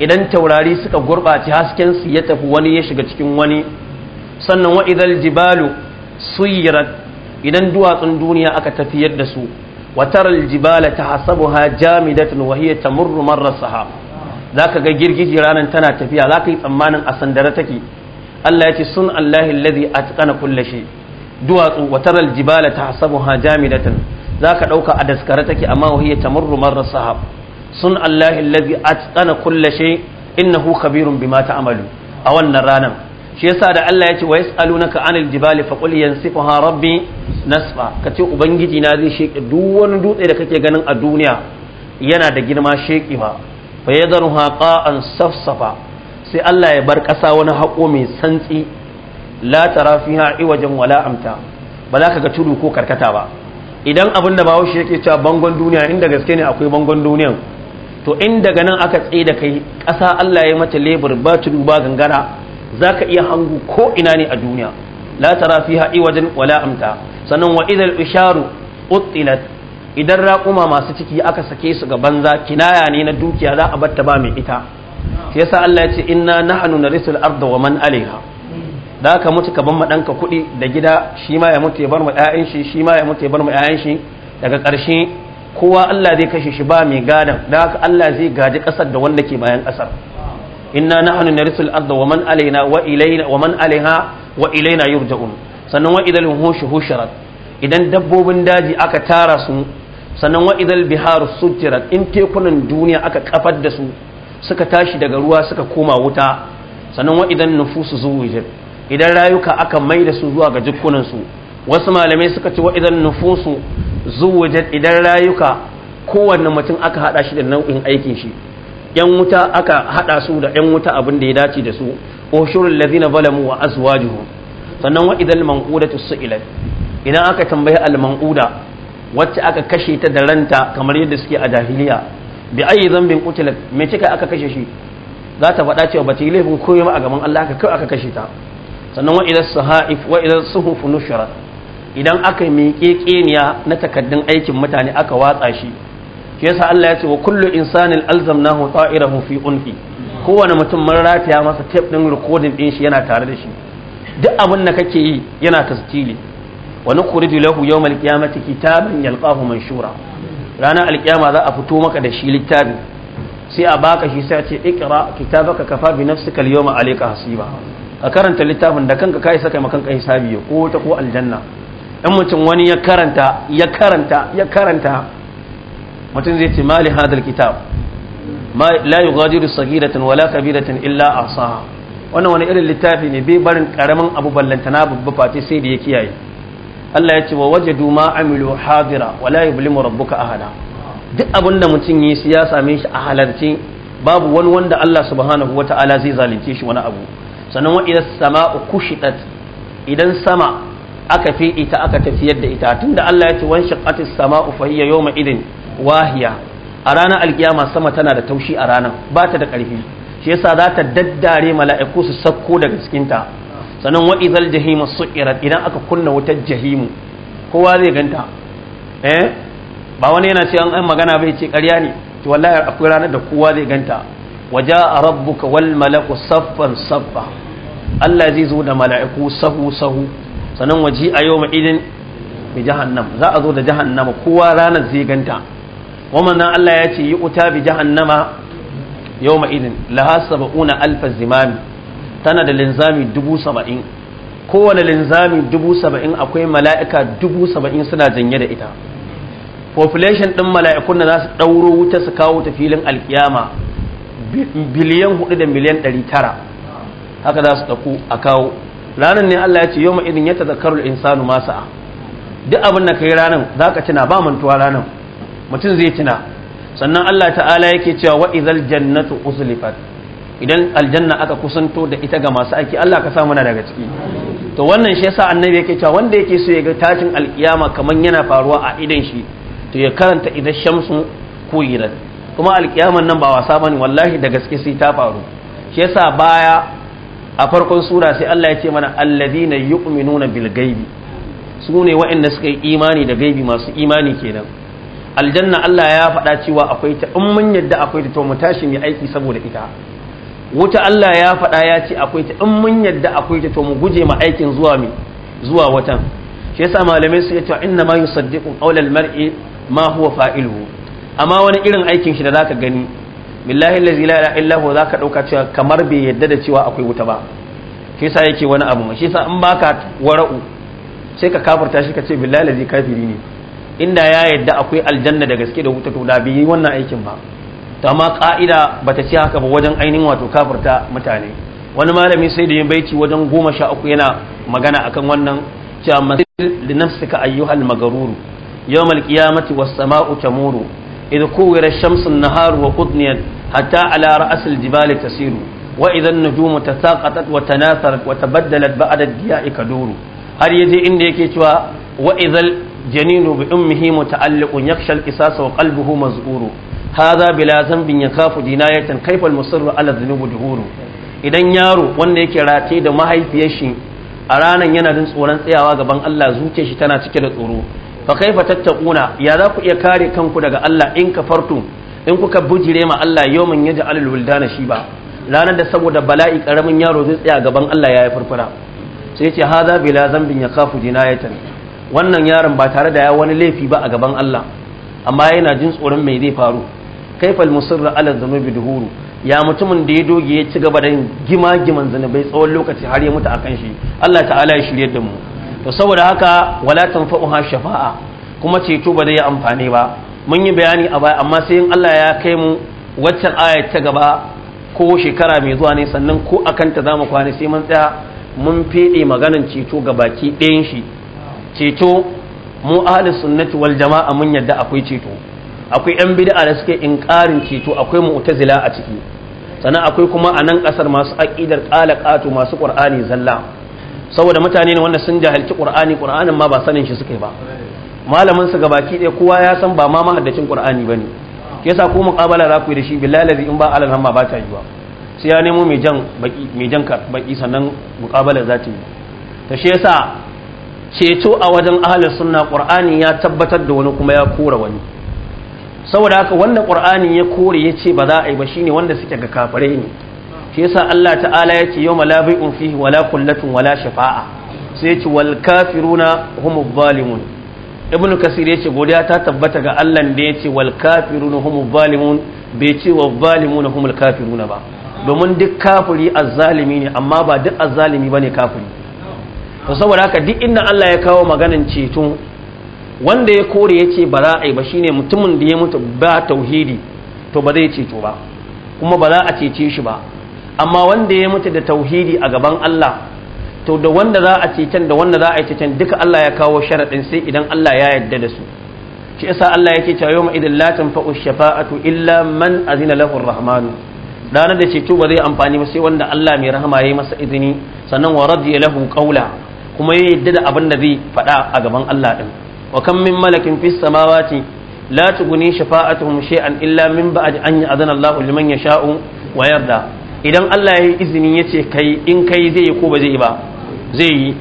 idan taurari suka gurɓaci hasken su ya tafi wani ya shiga cikin wani sannan wa idan jibalu suyirat idan duwatsun duniya aka tafiyar da su ta hasabu ha jamidatun wa hiya tamurru marra Za ka ga girgiji ranar tana tafiya za ka yi tsammanin a sandara take Allah ya ce sun Allahi alladhi atqana kulle shi. duwatsu ta wataral jibala tahasabuha za ka ɗauka a daskara take amma wa hiya tamurru marra sahab sun Allahi alladhi atqana kulli shay innahu khabirun bima amalu, a wannan ranar. shi yasa da Allah ya ce wa yas'alunaka anil jibali fa qul yansifuha rabbi nasfa kace ubangiji na zai sheke duk wani dutse da kake ganin a duniya yana da girma sheki ba fa yadruha qa'an safsafa sai Allah ya bar kasa wani hako mai santsi la tara fiha iwajan wala amta ba za ka ga tudu ko karkata ba idan abin da bawo shi yake cewa bangon duniya inda gaske ne akwai bangon duniyan to in daga nan aka tsaye da kai ƙasa Allah ya mata lebur ba tudu ba gangara Za ka iya hangu ko ina ne a duniya la tara fiha iwajan wala amta sannan wa idal isharu uttilat idan raƙuma masu ciki aka sake su ga banza kinaya ne na dukiya za a batta ba mai ita sai yasa Allah ya ce inna nahnu narisul arda wa man alaiha da ka mutu ka bamma kuɗi da gida shi ma ya mutu ya bar mu ƴaƴan shi shi ma ya mutu ya bar mu ƴaƴan shi daga ƙarshe kowa Allah zai kashe shi ba mai gadan da haka Allah zai gaji ƙasar da wanda ke bayan ƙasar inna nahnu narisul arda wa man alaina wa ilaina wa man alaiha wa ilaina yurja'un sannan wa idal hushur husharat idan dabbobin daji aka tara su sannan wa idal biharu sujjirat in tekunan duniya aka kafar da su suka tashi daga ruwa suka koma wuta sannan wa idan nufusu zuwijat idan rayuka aka mai da su zuwa ga jikunan su wasu malamai suka ce wa idan nufusu zuwijat idan rayuka kowanne mutum aka hada shi da nau'in aikin shi yan wuta aka hada su da yan wuta abin da ya dace da su ushurul ladina zalamu wa azwajuhu sannan wa idal manqudatu su'ilat idan aka tambayi al manquda wacce aka kashe ta da ranta kamar yadda suke a jahiliya bi ayi zambin qutilat me kika aka kashe shi za ta faɗa cewa bata yi laifin ma a gaban Allah ka kai aka kashe ta sannan wa idan sahaif wa idan suhuf nushrat idan aka miƙe na takaddun aikin mutane aka watsa shi shi yasa Allah ya ce wa kullu insanin alzamnahu ta'irahu fi unfi kowane mutum mun rataya masa tape din recording din shi yana tare da shi duk abin da kake yi yana tasjili wa nukhriju lahu yawmal qiyamati kitaban yalqahu manshura ranar alkiyama za a fito maka da shi littafi sai a baka shi sai a ce ikra kitabaka kafa bi nafsika al-yawma alayka hasiba a karanta littafin da kanka kai kai makan kai hisabi ko ta ko aljanna dan mutum wani ya karanta ya karanta ya karanta mutum zai ce mali hadal kitab la yughadiru saghiratan wala kabiratan illa ahsaha wannan wani irin littafi ne bai barin karamin abu ballantana babba fati sai da ya kiyaye Allah ya ce wa wajadu ma amilu hadira wala yublimu rabbuka ahada duk abin da mutum yi ya same shi a halarci babu wani wanda Allah subhanahu wata'ala zai zalunce shi wani abu sannan wa idan sama'u kushidat idan sama aka fi ita aka tafiyar da ita tunda Allah ya ce wan shaqqatis sama'u fa hiya yawma idin wahiya a ranar alkiyama sama tana da taushi a ranar ba ta da ƙarfi shi yasa za ta daddare mala'iku su sakko daga cikinta sannan wa idzal jahimu suqirat idan aka kunna wutar jahimu kowa zai ganta eh ba wani yana ce an magana bai ce ƙarya ne to wallahi akwai ranar da kowa zai ganta waja rabbuka wal malaku saffan saffa Allah zai zo da mala'iku sahu sahu sannan waji a yau idin bi jahannam za a zo da jahannama kowa ranar zai ganta kuma Allah ya ce yi uta bi jahannama yawma idin laha sab'una alfa zimami tana da linzami dubu saba'in kowane linzami dubu saba'in akwai mala'ika dubu saba'in suna janye da ita population ɗin mala'ikun da za su ɗauro wuta su kawo ta filin alkiyama biliyan hudu da miliyan ɗari tara haka za su ɗauko a kawo Ranan ne Allah ya ce yau ma'idin ya tazakaru insanu masa duk abin da kai ranar zaka cina ba mantuwa ranar mutum zai tuna sannan Allah ta'ala yake cewa wa idzal jannatu uslifat idan aljanna aka kusanto da ita ga masu aiki Allah ka sa muna daga ciki to wannan shi yasa annabi yake cewa wanda yake so ya ga tashin alkiyama kaman yana faruwa a idan shi to ya karanta idan shamsu kuyirat kuma alkiyaman nan ba wasa bane wallahi da gaske sai ta faru shi yasa baya a farkon sura sai Allah ya ce mana alladhina yu'minuna bil ghaibi su ne waɗanda suka yi imani da gaibi masu imani kenan aljanna Allah ya faɗa cewa akwai ta in mun yadda akwai ta to mu tashi mu aiki saboda ita wuta Allah ya faɗa ya ce akwai ta in mun yadda akwai ta to mu guje ma aikin zuwa mi zuwa watan shi yasa malamai su ce inna ma yusaddiqu qawla al-mar'i ma huwa fa'iluhu amma wani irin aikin shi da zaka gani billahi allazi la ilaha illa zaka dauka cewa kamar bai yadda da cewa akwai wuta ba shi yasa yake wani abu shi yasa in baka wara'u sai ka kafirta shi ka ce billahi allazi kafiri ne inda ya yadda akwai aljanna da gaske da wuta to da bi wannan aikin ba to amma ka'ida bata ci haka ba wajen ainihin wato kafirta mutane wani malami sai da yin baiti wajen goma sha uku yana magana akan wannan cewa masir li nafsika ayyuhal magaruru yawmal qiyamati was sama'u tamuru idh kuwira shamsu an-nahar wa qudniyat hatta ala ra's jibali tasiru wa idha an-nujumu tasaqatat wa tanatharat wa tabaddalat ba'da ad-diya'i kaduru har yaje inda yake cewa wa idhal janinu bi ummihi muta'alliqun yakhsha al-qisas wa qalbuhu maz'uru hadha bila zambin yakafu jinayatan kayfa al-musirru ala dhunubi idan yaro wanda yake rataye da mahaifiyar shi a ranar yana jin tsoron tsayawa gaban Allah zuciyar shi tana cike da tsoro fa kaifa ya za ku iya kare kanku daga Allah in kafartum in kuka bujire ma Allah yawman yaj'al al-wuldana ba. ranar da saboda bala'i karamin yaro zai tsaya gaban Allah ya yi furfura sai ce hadha bila zambin yakafu jinayatan wannan yaron ba tare da ya wani laifi ba a gaban Allah amma yana jin tsoron mai zai faru kaifal musirra ala zanubi duhuru ya mutumin da ya doge ya ci gaba da gima giman zanubai tsawon lokaci har ya mutu a kan shi Allah ta'ala ya shirye da mu to saboda haka wala tanfa'uha shafa'a kuma ceto ba zai yi amfani ba mun yi bayani a baya amma sai in Allah ya kai mu waccan aya ta gaba ko shekara mai zuwa ne sannan ko akan ta zamu kwana sai mun tsaya mun fede maganan ceto ga baki ɗayan shi ceto mu ahli sunnati wal jama'a mun yadda akwai ceto akwai yan bid'a da suke inkarin ceto akwai mu'tazila a ciki sannan akwai kuma a nan kasar masu aqidar qalaqatu masu qur'ani zalla saboda mutane ne wanda sun jahilci qur'ani qur'anin ma ba sanin shi suke ba malamin su gabaki ɗaya kowa ya san ba ma mahaddacin qur'ani bane yasa ko muqabala za ku yi da shi billahi in ba alal hamma ba ta yiwa sai ya nemo mai jan baki mai jan baki sannan muqabala za ta yi ta shi yasa ceto a wajen ahalin sunna qur'ani ya tabbatar da wani kuma ya kora wani saboda haka wanda qur'ani ya kore ya ce ba za a yi ba shine wanda suke ga kafare ne shi yasa Allah ta'ala ya ce yau malabi'un fihi wala kullatun wala shafa'a sai ya ce wal kafiruna humu zalimun ibnu kasir ya ce godiya ta tabbata ga Allah da ya ce wal kafiruna humu zalimun bai ce wa zalimuna humul kafiruna ba domin duk kafiri azzalimi ne amma ba duk ba ne kafiri to saboda haka duk inda Allah ya kawo maganan ceto wanda ya kore ya ce ba za a yi ba shine mutumin da ya mutu ba tauhidi to ba zai ceto ba kuma ba za a cece shi ba amma wanda ya mutu da tauhidi a gaban Allah to da wanda za a cecen da wanda za a yi duka Allah ya kawo sharaɗin sai idan Allah ya yarda da su shi yasa Allah yake cewa yawma idan la tanfa'u shafa'atu illa man azina lahu ar-rahmanu ranar da ceto ba zai amfani ba sai wanda Allah mai rahama yayi masa izini sannan wa radiya lahu qawla kuma ya yadda da abin da zai faɗa a gaban Allah ɗin. wa kan min malakin fis samawati la tughni shafa'atuhum shay'an illa min ba'd an ya'dana Allahu liman sha'u wa yarda idan Allah ya yi izini ya ce kai in kai zai yi ko ba zai yi ba zai yi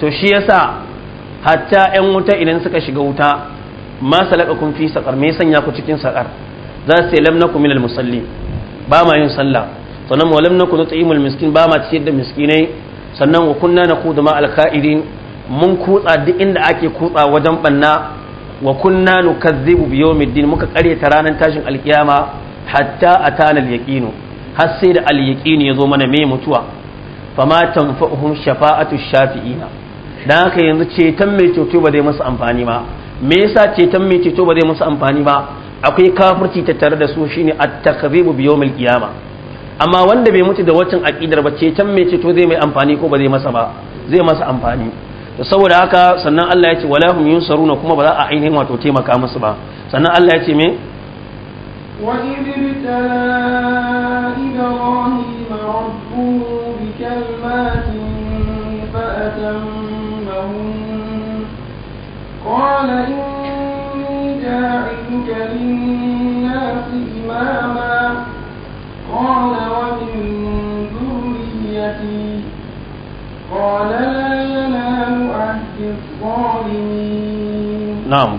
to shi yasa hatta 'yan wuta idan suka shiga wuta ma salakakum fi saqar me sanya ku cikin saqar za su yi lam minal musalli ba ma yin sallah sannan wa lam nakum miskin ba ma ciyar da miskinai sannan wa kunna ku ma alqa'idin mun kutsa duk inda ake kutsa wajen banna wa kunna kazzibu bi yawmiddin muka ta ranar tashin alkiyama hatta atana al har sai da al ya yazo mana me mutuwa fama tanfa'uhum shafa'atu shafi'ina dan haka yanzu ceton mai ceto ba zai musu amfani ba me yasa ceton mai ceto ba zai musu amfani ba akwai kafirci tattare da su shine at-takzibu bi yawmil qiyamah amma wanda bai mutu da wacin aƙidar ba ceton mai ceto zai mai amfani ko ba zai masa ba zai masa amfani saboda haka sannan Allah ya ce wala hum yunsaruna kuma ba za a ainihin wato taimaka musu ba sannan Allah ya ce me wa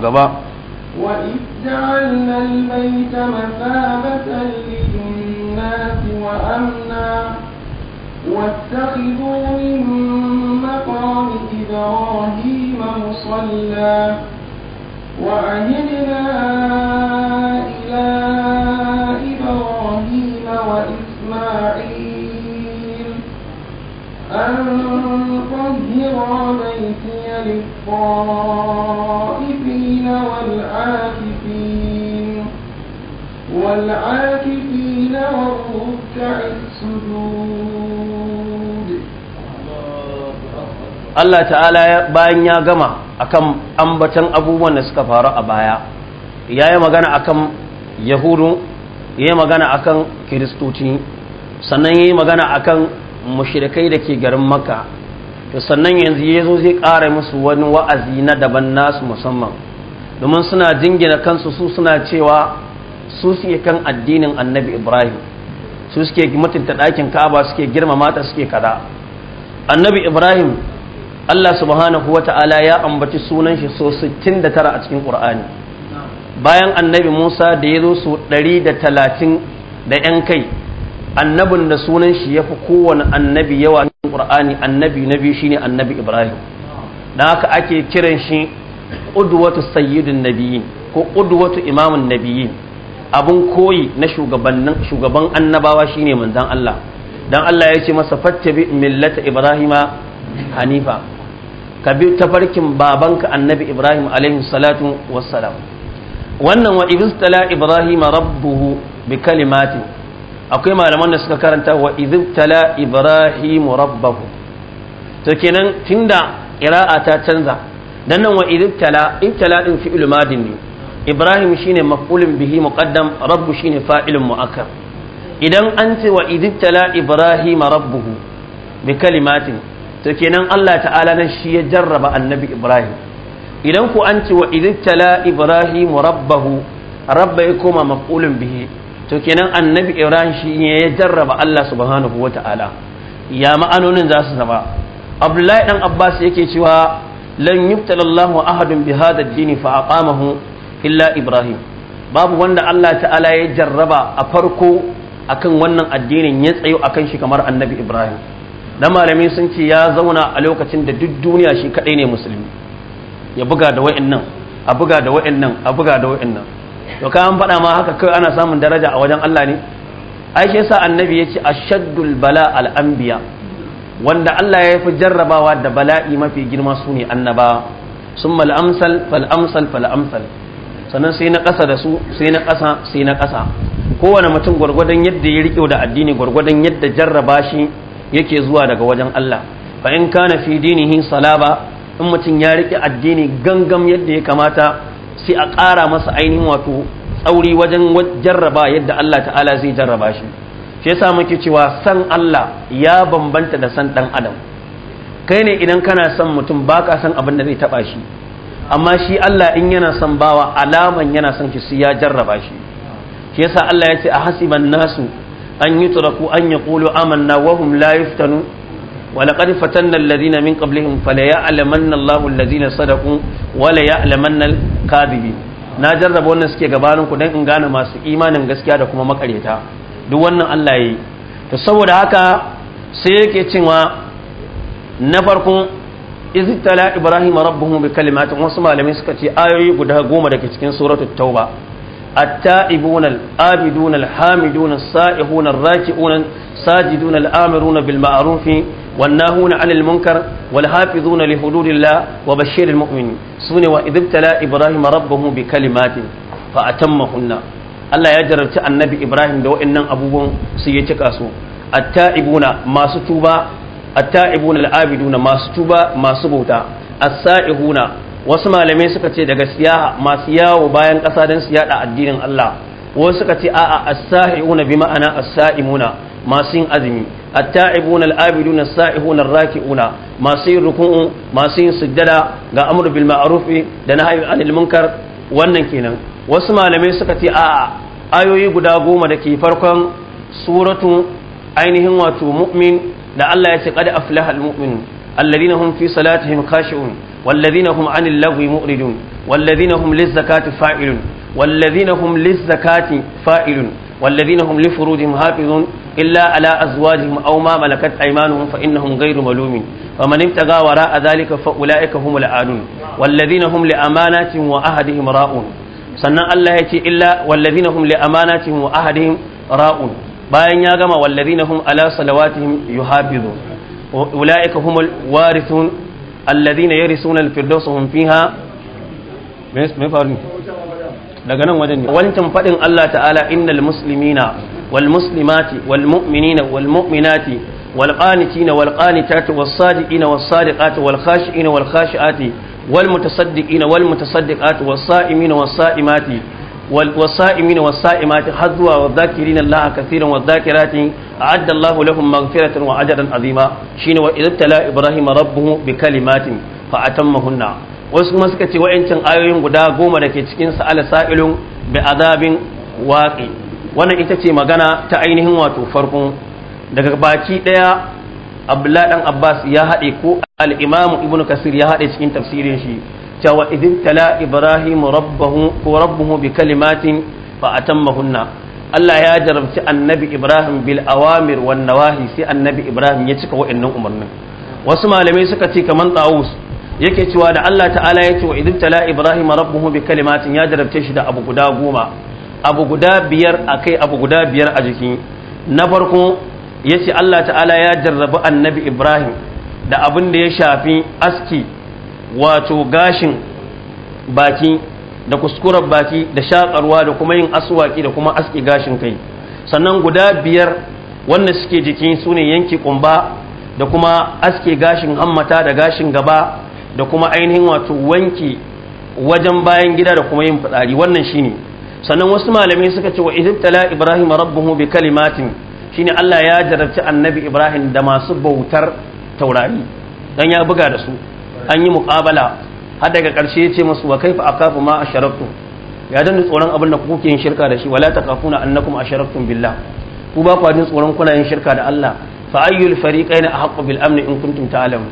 gaba Allah ta'ala bayan ya gama akan ambatan abubuwan da suka faru a baya ya yi magana akan yahudu ya yi magana akan kiristoci sannan ya yi magana akan mushrikai da ke garin makka to sannan yanzu ya zai ƙara musu wani wa'azi na daban nasu musamman domin suna jingina kansu su suna cewa su suke kan addinin annabi ibrahim su suke mutunta ɗakin kaba suke girmama ta suke kada annabi ibrahim Allah subhanahu wa ta'ala ya ambaci sunan shi so 69 a cikin Qur'ani bayan annabi Musa da ya zo so 130 da ‘yan kai annabin da sunan shi ya fi kowane annabi yawa cikin Qur'ani annabi na biyu shine annabi Ibrahim da haka ake kiran shi ƙudwatu sayyidun nabiyyin ko ƙudwatu imamun nabiyyi abin koyi na shugaban annabawa shine manzon Allah dan Allah ya ce masa fattabi millata Ibrahima hanifa ka bi tafarkin babanka annabi ibrahim alaihi salatu wassalam wannan wa ibtala ibrahim rabbuhu bi kalimatin akwai malaman da suka karanta wa ibtala ibrahim rabbahu to kenan tunda qira'a ta canza dan nan wa ibtala ibtala din fi'il madin ne ibrahim shine maf'ulun bihi muqaddam rabbu shine fa'ilun mu'akkar idan an ce wa ibtala ibrahim rabbuhu bi kalimatin to kenan Allah ta'ala nan shi ya jarraba annabi Ibrahim idan ku an ce wa idtala Ibrahim rabbahu rabba ya koma maf'ulun bihi to kenan annabi Ibrahim shi ne ya jarraba Allah subhanahu wata'ala ya ma'anonin za su zama Abdullahi dan Abbas yake cewa lan yubtala Allahu ahadun bi hadha ad-din fa aqamahu illa Ibrahim babu wanda Allah ta'ala ya jarraba a farko akan wannan addinin ya tsayo akan shi kamar annabi Ibrahim na malami sun ce ya zauna a lokacin da duk duniya shi kaɗai ne musulmi ya buga da nan a buga da nan a buga da nan to ka an faɗa ma haka kai ana samun daraja a wajen Allah ne ai shi yasa annabi ya ce ashaddul bala al anbiya wanda Allah ya fi jarrabawa da bala'i mafi girma su ne annaba summa al amsal fal amsal fal amsal sannan sai na ƙasa da su sai na ƙasa sai na ƙasa kowane mutum gwargwadon yadda ya riƙe da addini gwargwadon yadda jarraba shi yake zuwa daga wajen Allah fa in kana fi dinihi salaba in mutum ya rike addini gangam yadda ya kamata sai a ƙara masa ainihin wato tsauri wajen jarraba yadda Allah ta'ala zai jarraba shi shi yasa muke cewa san Allah ya bambanta da san dan adam kai ne idan kana san mutum baka san abin da zai taba shi amma shi Allah in yana san bawa alaman yana son shi ya jarraba shi shi yasa Allah ya ce a hasiban nasu an yi turaku an ya ƙulu amanna wahum la yuftanu ولقد فتنا الذين من قبلهم فليعلمن الله الذين صدقوا وليعلمن الكاذبين na jarraba wannan suke gabanin ku don in gane masu imanin gaskiya da kuma makareta duk wannan Allah ya yi to saboda haka sai yake cewa na farko izitala ibrahim rabbuhu bi kalimatin wasu malamai suka ce ayoyi guda goma daga cikin suratul tauba التائبون الآبدون الحامدون السائحون الراكعون الساجدون الآمرون بالمعروف والناهون عن المنكر والحافظون لحدود الله وبشر المؤمنين سوني وإذ ابتلى إبراهيم ربه بكلمات فأتمهن الله يجرب النبي إبراهيم دو إنن أبوهم سيتك أسو التائبون ما ستوبا التائبون العابدون ما ستوبا ما سبوتا السائحون wasu malamai suka ce daga siyaha masu yawo bayan ƙasa don siyaɗa da addinin Allah wasu suka ce a'a as-sa'ihuna bi ma'ana as-sa'imuna masu yin azumi at-ta'ibuna al-abiduna as-sa'ihuna ar-raki'una masu yin ruku'u masu yin sujjada ga amr bil ma'ruf da nahyi anil munkar wannan kenan wasu malamai suka ce a'a ayoyi guda goma da ke farkon suratu ainihin wato mu'min da Allah ya ce qad aflaha al-mu'min alladhina hum fi salatihim khashi'un والذين هم عن اللغو مؤردون والذين هم للزكاة فاعلون والذين هم للزكاة فاعلون والذين هم لفروجهم حافظون إلا على أزواجهم أو ما ملكت أيمانهم فإنهم غير ملومين فمن ابتغى وراء ذلك فأولئك هم العادون والذين هم لأمانات وأهدهم راؤون sannan Allah ya ce illa wallazina hum li amanatihim wa ahadihim ra'un bayan ya gama wallazina hum ala salawatihim yuhafizun ulaika humul warithun alladhina yarisuna al-firdaus hum fiha me faru daga nan wajen ne wancan fadin Allah ta'ala innal muslimina wal muslimati wal mu'minina wal mu'minati wal qanitina wal qanitati was sadiqina was sadiqati wal khashiina wal khashiati wal mutasaddiqina wal mutasaddiqati was sa'imina was sa'imati والصائمين والصائمات حظوا والذاكرين الله كثيرا والذاكرات أعد الله لهم مغفرة وأجرا عظيما شين وإذ ابتلى إبراهيم ربه بكلمات فأتمهن wasu kuma suka ce wa'ancin ayoyin guda goma da ke cikin sa'ala sa'ilun bi azabin waƙi wannan ita ce magana ta ainihin wato farkon daga baki ɗaya abdullahi dan abbas ya haɗe ko al-imamu ibnu kasir ya haɗe cikin tafsirin shi cewa idin tala ibrahim rabbuhu bi kalimatin fa atammahunna Allah ya jarabci annabi ibrahim bil awamir wan nawahi sai annabi ibrahim ya cika wa'annan umarnin wasu malamai suka ce kaman tawus yake cewa da Allah ta'ala ya ce wa idin tala ibrahim rabbuhu bi kalimatin ya jarabce shi da abu guda goma abu guda biyar akai abu guda biyar a jiki na farko yace Allah ta'ala ya jarrabi annabi ibrahim da abin da ya shafi aski wato gashin baki da kuskurar baki da shakarwa da kuma yin aswaki da kuma aski gashin kai sannan guda biyar wannan suke jiki su ne yanki kumba da kuma aske gashin hammata da gashin gaba da kuma ainihin wato wanki wajen bayan gida da kuma yin fitsari wannan shine sannan wasu malamai suka ce wa idibtala ibrahim rabbuhu bi kalimatin shine Allah ya jarabci annabi ibrahim da masu bautar taurari dan ya buga da su an yi muƙabala. har daga karshe ya ce masu wa kaifa a akafu ma a asharaktu ya dandu tsoron abin da kuke yin shirka da shi wala takafuna annakum sharaftun billah ku ba ku jin tsoron kuna yin shirka da Allah fa ayyul fariqayn ahqqu bil amn in kuntum ta'lamun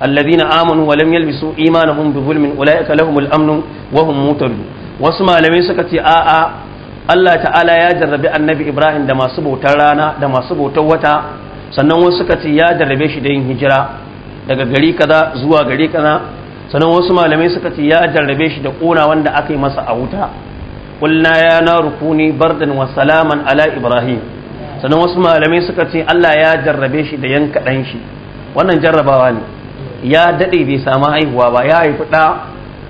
alladhina amanu wa lam yalbisu imanahum bi zulmin ulaika lahumul amn wa hum muhtadun wasu malamai suka ce a'a Allah ta'ala ya jarrabi annabi Ibrahim da masu bautar rana da masu bautar wata sannan wasu suka ce ya jarrabe shi da yin hijira daga gari kaza zuwa gari kaza sanan wasu malamai suka ce ya jarrabe shi da kona wanda aka yi masa a wuta kulna ya na rukuni bardan wa salaman ala ibrahim sanan wasu malamai suka ce Allah ya jarrabe shi da yanka dan shi wannan jarrabawa ne ya dade bai samu haihuwa ba ya haifi da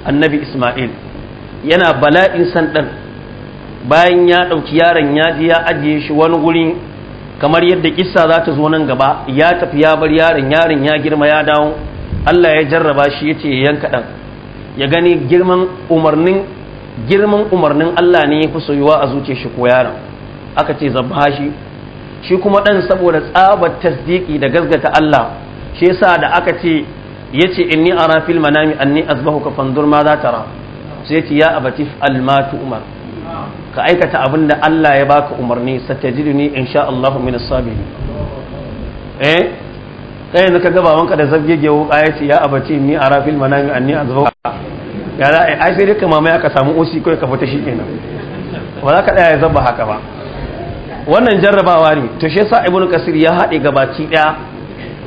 annabi isma'il yana bala'in san dan bayan ya dauki yaron ya je ya ajiye shi wani guri kamar yadda kissa za ta zo nan gaba ya tafi ya bar yarin yarin ya girma ya dawo Allah ya jarraba shi ya ce yanka ɗan ya gani girman umarnin girman umarnin Allah ne ya fi soyuwa a zuce shi ko yaron aka ce zabba shi shi kuma ɗan saboda tsabar tasdiki da gazgata Allah shi yasa da aka ce ya ce inni ara fil manami anni azbahu ka fandur ma za tara sai ya ce ya abati al ma umar ka aikata abin da Allah ya baka umarni satajiduni insha Allah min as-sabirin eh kai ne ka gaba wanka da zabgege wa ayati ya abati ni arafil manami anni azbu ya da ai sai duka mama aka ka samu osi kai ka fita shikenan ba za ka daya zaba haka ba wannan jarrabawa ne to shi yasa ibnu kasir ya hade gabaci daya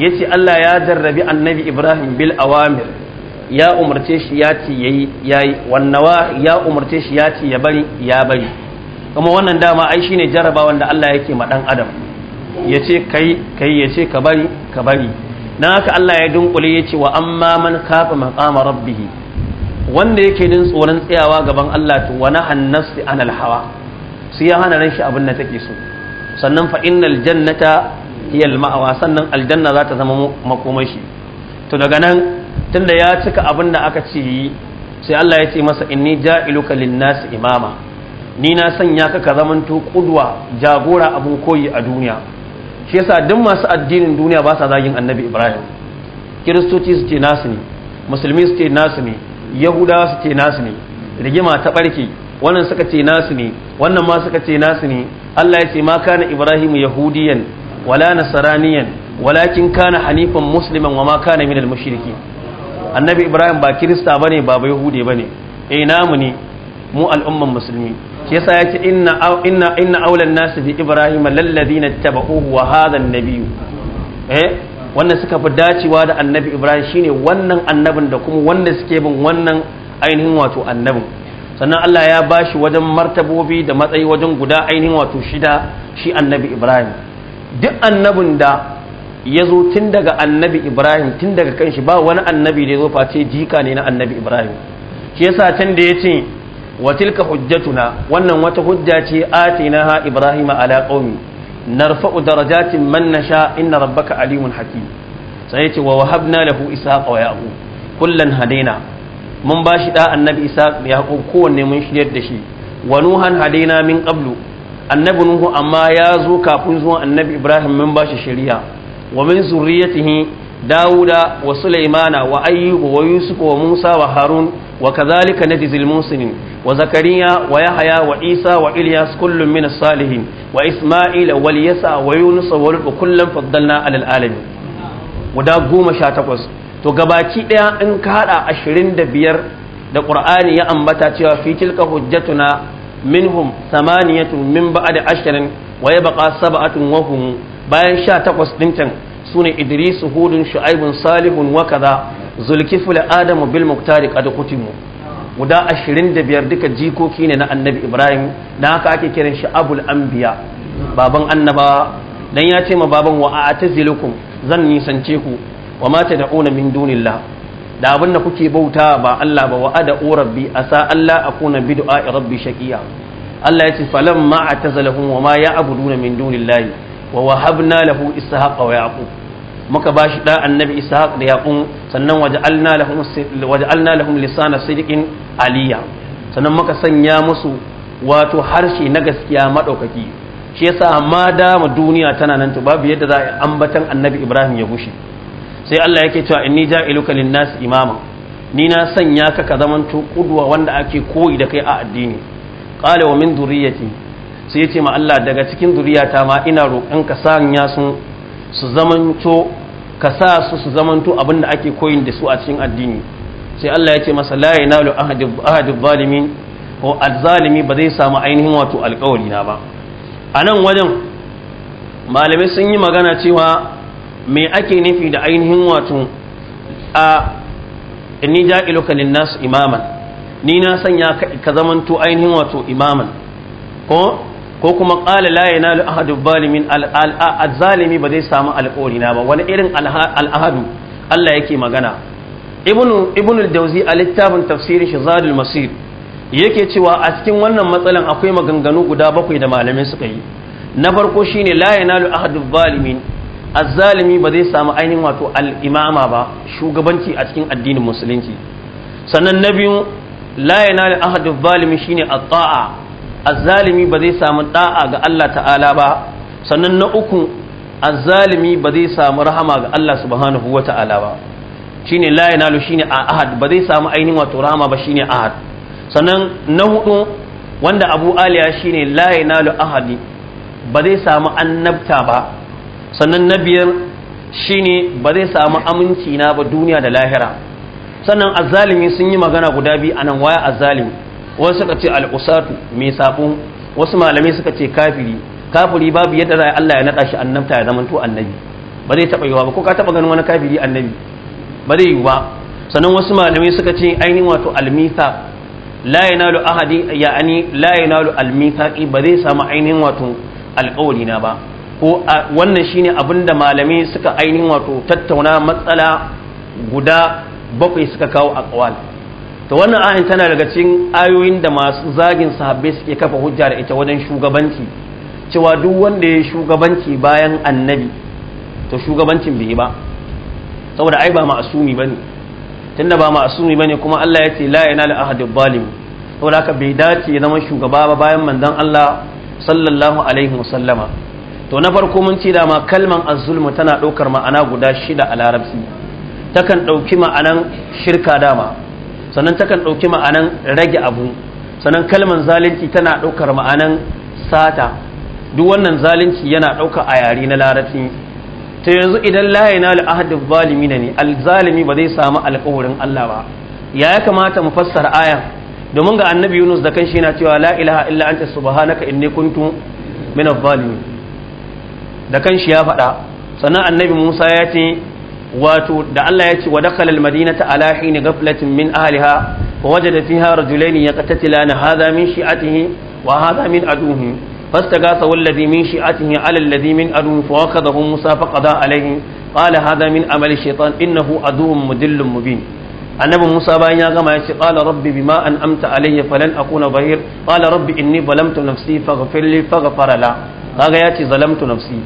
yace Allah ya jarrabi annabi Ibrahim bil awamir ya umarce shi ya ce ya yi wannawa ya umarce shi ya ce ya bari ya bari kuma wannan dama ai shine jaraba wanda Allah yake ma dan adam ya ce kai kai ya ce ka bari ka bari dan haka Allah ya dunkule ya ce wa amma man kafa maqama rabbih wanda yake din tsoron tsayawa gaban Allah to wa nahan nafsi anal hawa sai ya hana ranshi shi abin da take so sannan fa innal jannata hiya al ma'wa sannan aljanna za ta zama makomai shi to daga nan tunda ya cika abin da aka ce yi sai Allah ya ce masa inni ja'iluka linnasi imama ni na sanya ka ka zamanto kudwa jagora abun koyi a duniya shi yasa duk masu addinin duniya ba sa zagin annabi Ibrahim kiristoci su ce nasu ne musulmi su ce nasu ne yahudawa su ce nasu ne rigima ta barke wannan suka ce nasu ne wannan ma suka ce nasu ne Allah ya ce ma kana Ibrahim yahudiyan wala nasraniyan walakin kana hanifan musliman wa ma kana minal mushrikin annabi ibrahim ba kirista bane ba bai hude bane eh namu ne mu al'umman musulmi shi yasa ya inna inna inna aulan nas bi ibrahim lalladhina tabauhu wa hadha an-nabiy eh wannan suka fi dacewa da annabi ibrahim shine wannan annabin da kuma wanda suke bin wannan ainihin wato annabin sannan Allah ya bashi wajen martabobi da matsayi wajen guda ainihin wato shida shi annabi ibrahim duk annabin da ya zo tun daga annabi ibrahim tun daga kanshi ba wani annabi da ya zo face jika ne na annabi ibrahim shi yasa can da ya ce wa tilka hujjatuna wannan wata hujja ce ha ibrahim ala qaumi narfa'u darajatin man nasha inna rabbaka alimun hakim sai yace wa wahabna lahu isaqa wa yaqub kullan hadaina mun bashi da annabi isaq ya yaqub kowanne mun shiryar da shi wa nuhan hadaina min qablu annabi nuhu amma ya zo kafin zuwa annabi ibrahim mun ba shi shari'a wa min zurriyatihi dawuda wa sulaimana wa ayyuhu wa yusuf wa musa wa harun wa kadhalika najzil muslimin wa zakariya wa yahya wa isa wa ilyas kullun min as-salihin wa isma'ila wa yasa wa yunus wa lut kullan faddalna 'ala al-alamin guda 18 to gabaki daya in ka hada ashirin da biyar da ƙur'ani ya ambata cewa fi tilka hujjatuna minhum thamaniyatun min da ashirin wa yabqa sab'atun wa hum bayan sha takwas ɗin can su ne idris hudun shu'aibun salihun wa kaza zulkifil adamu bil muktari qad kutimu guda ashirin da biyar duka jikoki ne na annabi ibrahim dan haka ake kiran shi abul anbiya baban annaba dan ya ce ma baban wa a'tazilukum zan nisance ku wa ma tad'una min dunillah da abin da kuke bauta ba Allah ba wa'ada rabbi asa Allah akuna bi du'a rabbi shaqiya Allah yace falamma atazalahum wa ma ya'buduna min dunillahi wa wahabna lahu ishaq wa yaqub muka bashi da annabi ishaq da yaqub sannan waja'alna lahum waja'alna lahum lisana sidqin aliya sannan muka sanya musu wato harshe na gaskiya madaukaki shi yasa amma dama duniya tana nan to babu yadda za a ambatan annabi ibrahim ya gushe sai Allah yake cewa inni ja'iluka lin-nas imama ni na sanya ka ka zamanto kudwa wanda ake koyi da kai a addini qala wa min dhurriyyati sai ya ce ma Allah daga cikin zuriyata ma ina roƙon ka sanya su su zamanto ka sa su su zamanto abin da ake koyin da su a cikin addini sai Allah ya ce masa la yanalu ahadu zalimin ko azzalimi ba zai samu ainihin wato alƙawari na ba a nan wajen malamai sun yi magana cewa me ake nufi da ainihin wato a inni ja'iluka lin nasu imaman ni na sanya ka zamanto ainihin wato imaman ko ko kuma qala la yanalu ahadu balimin al-zalimi ba zai samu alƙorina ba wani irin al'ahadu Allah yake magana ibnu ibnu al dawzi a littafin tafsirin shi zadul masir yake cewa a cikin wannan matsalan akwai maganganu guda bakwai da malamai suka yi na farko shine la yanalu ahadu balimin azzalimi ba zai samu ainihin wato al'imama ba shugabanci a cikin addinin musulunci sannan na biyu la yanalu ahadu shi shine a taa azzalimi ba zai samu da'a ga Allah ta'ala ba sannan na uku azzalimi ba zai samu rahama ga Allah subhanahu wa ta'ala ba shine la yanalu shine ahad ba zai samu ainihin wato rahama ba shine ahad sannan na hudu wanda abu aliya shine la yanalu ahadi ba zai samu annabta ba sannan na biyar shine ba zai samu aminci na ba duniya da lahira sannan azzalimi sun yi magana guda biyu anan waya azzalimi wasu suka ce al'usatu mai sabo wasu malami suka ce kafiri kafiri babu yadda za Allah ya naɗa shi annabta ya zamanto annabi ba zai taɓa yiwa ba ko ka taɓa ganin wani kafiri annabi ba zai yiwu ba sannan wasu malami suka ce ainihin wato almisa. la yanalu ahadi ya'ani la yanalu almithaqi ba zai samu ainihin wato alƙawari na ba ko wannan shine abin da malami suka ainihin wato tattauna matsala guda bakwai suka kawo a ƙawali to wannan ayin tana daga cikin ayoyin da masu zagin sahabbai suke kafa hujja da ita wajen shugabanci cewa duk wanda ya shugabanci bayan annabi to shugabancin bai ba saboda ai ba ma'asumi bane tunda ba ma'asumi bane kuma Allah ya ce la yanalu ahadu zalim saboda haka bai dace zama shugaba ba bayan manzon Allah sallallahu alaihi wasallama to na farko mun ce da ma kalman zulmu tana ɗaukar ma'ana guda shida a larabci takan ɗauki ma'anan shirka dama sannan takan ɗauki ma'anan rage abu sannan kalman zalunci tana ɗaukar ma'anan sata duk wannan zalunci yana ɗauka a yare na larabci ta yanzu idan la yanalu ahadu zalimina ne alzalimi ba zai samu alƙawarin Allah ba ya ya kamata mu fassara ayan domin ga annabi yunus da kanshi yana cewa la ilaha illa anta subhanaka inni kuntu min zalimin da da kanshi ya faɗa sannan annabi musa ya ce wato da Allah ya ce wa dakhala almadinata ala hin ghaflatin min ahliha wa wajada fiha rajulaini yaqtatilana hadha min shi'atihi wa hadha min aduhi فاستغاثه الذي من شيعته على الذي من عدو فوقظه موسى فقضى عليه قال هذا من عمل الشيطان انه عدو مدل مبين annabi Musa bayan ya gama ya ce qala rabbi bima an amta alayya falan akuna bahir qala rabbi inni zalamtu nafsi faghfir li faghfara la kaga ya ce zalamtu nafsi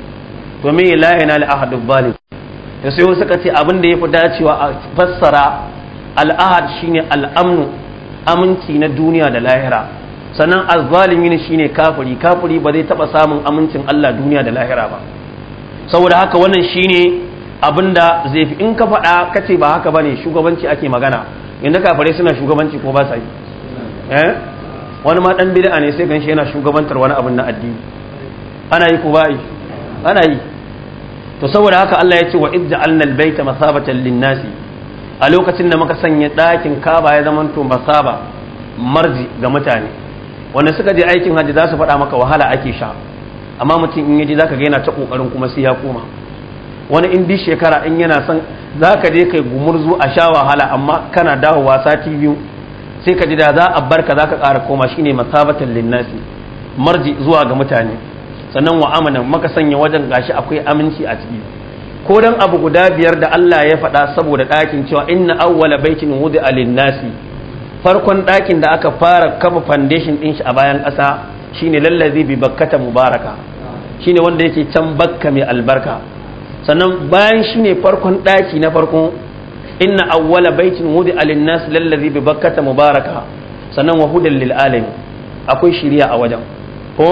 to me la yana li ahadu zalim da sai suka ce abin da ya fi dacewa a fassara al'ahad shine al'amnu aminci na duniya da lahira sannan azzalimin shine kafiri kafiri ba zai taba samun amincin Allah duniya da lahira ba saboda haka wannan shine da zai fi in ka faɗa kace ba haka bane shugabanci ake magana inda kafirai suna shugabanci ko ba sa yi eh wani ma dan bid'a ne sai ganshi yana shugabantar wani abin na addini ana yi ko ba yi ana yi to saboda haka Allah ya ce wa idda annal baita masabatan linnasi a lokacin da muka sanya ɗakin kaba ya zama to masaba marji ga mutane wanda suka je aikin haji za su faɗa maka wahala ake sha amma mutum in yaji zaka ga yana ta kokarin kuma sai ya koma wani in bi shekara in yana za zaka je kai gumurzu a sha wahala amma kana dawowa sati biyu sai ka ji da za a barka zaka ƙara koma shine masabatan linnasi marji zuwa ga mutane sannan wa amana maka sanya wajen gashi akwai aminci a ciki ko dan abu guda biyar da Allah ya faɗa saboda ɗakin cewa inna awwala baitin wudi alin nasi farkon ɗakin da aka fara kafa foundation ɗin shi a bayan ƙasa shine lallazi bi bakkata mubaraka shine wanda yake can bakka mai albarka sannan bayan shine farkon ɗaki na farko inna awwala baitin wudi alin nasi lallazi bi bakkata mubaraka sannan wa hudan lil alamin akwai shiriya a wajen ko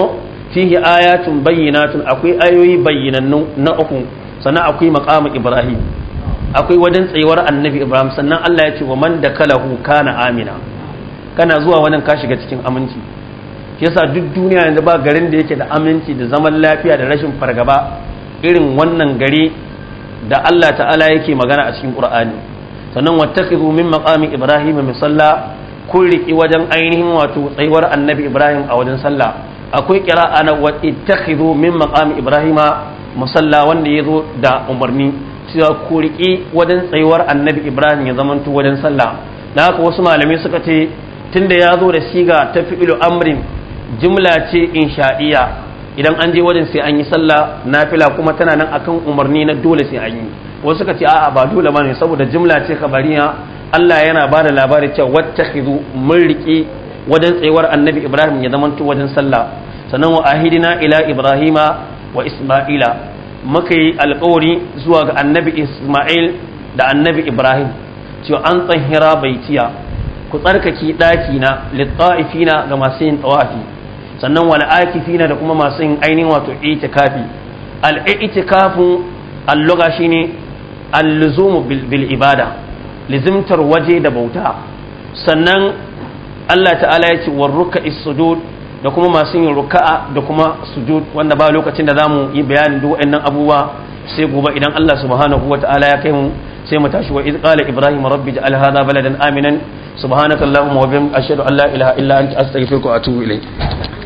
fihi ayatun bayyinatun akwai ayoyi bayyinannu na uku sannan akwai maqamu ibrahim akwai wajen tsayuwar annabi ibrahim sannan Allah ya ce wa man dakalahu kana amina kana zuwa wannan ka shiga cikin aminci yasa duk duniya yanzu ba garin da yake da aminci da zaman lafiya da rashin fargaba irin wannan gari da Allah ta'ala yake magana a cikin Qur'ani sannan wattakhidhu min maqami ibrahim misalla kun riki wajen ainihin wato tsayuwar annabi ibrahim a wajen sallah akwai kira'a ana wa ittakhidhu min maqami ibrahima musalla wanda yazo da umarni cewa ku riki wajen tsayuwar annabi ibrahim ya zamanto wajen sallah da haka wasu malamai suka ce tunda ya zo da shiga ta fi'ilu amrin jumla ce insha'iya idan an je wajen sai an yi sallah nafila kuma tana nan akan umarni na dole sai an yi wasu suka ce a'a ba dole bane saboda jumla ce khabariya Allah yana ba da labarin cewa wattakhidhu mun riki wajen tsayuwar annabi ibrahim ya zamanto wajen sallah sannan wa ahidina ila ibrahima wa isma'ila muka yi alkawari zuwa ga annabi isma'il da annabi ibrahim cewa an hira baitiya ku tsarkake na litta'ifina ga masu yin tawafi sannan wal na da kuma masu yin ainihin wato itikafi al itikafu alluga shine al bil ibada lizimtar waje da bauta sannan Allah ta'ala ya ce wa ruka sujud da kuma masu yin ruka'a da kuma sujud wanda ba lokacin da zamu yi bayanin duk waɗannan abubuwa sai gobe idan Allah subhanahu ta'ala ya kai mu sai mu tashi wa id qala ibrahim rabbi ja'al hadha baladan aminan subhanakallahumma wa bihamdika ashhadu an la ilaha illa anta astaghfiruka wa atubu ilayk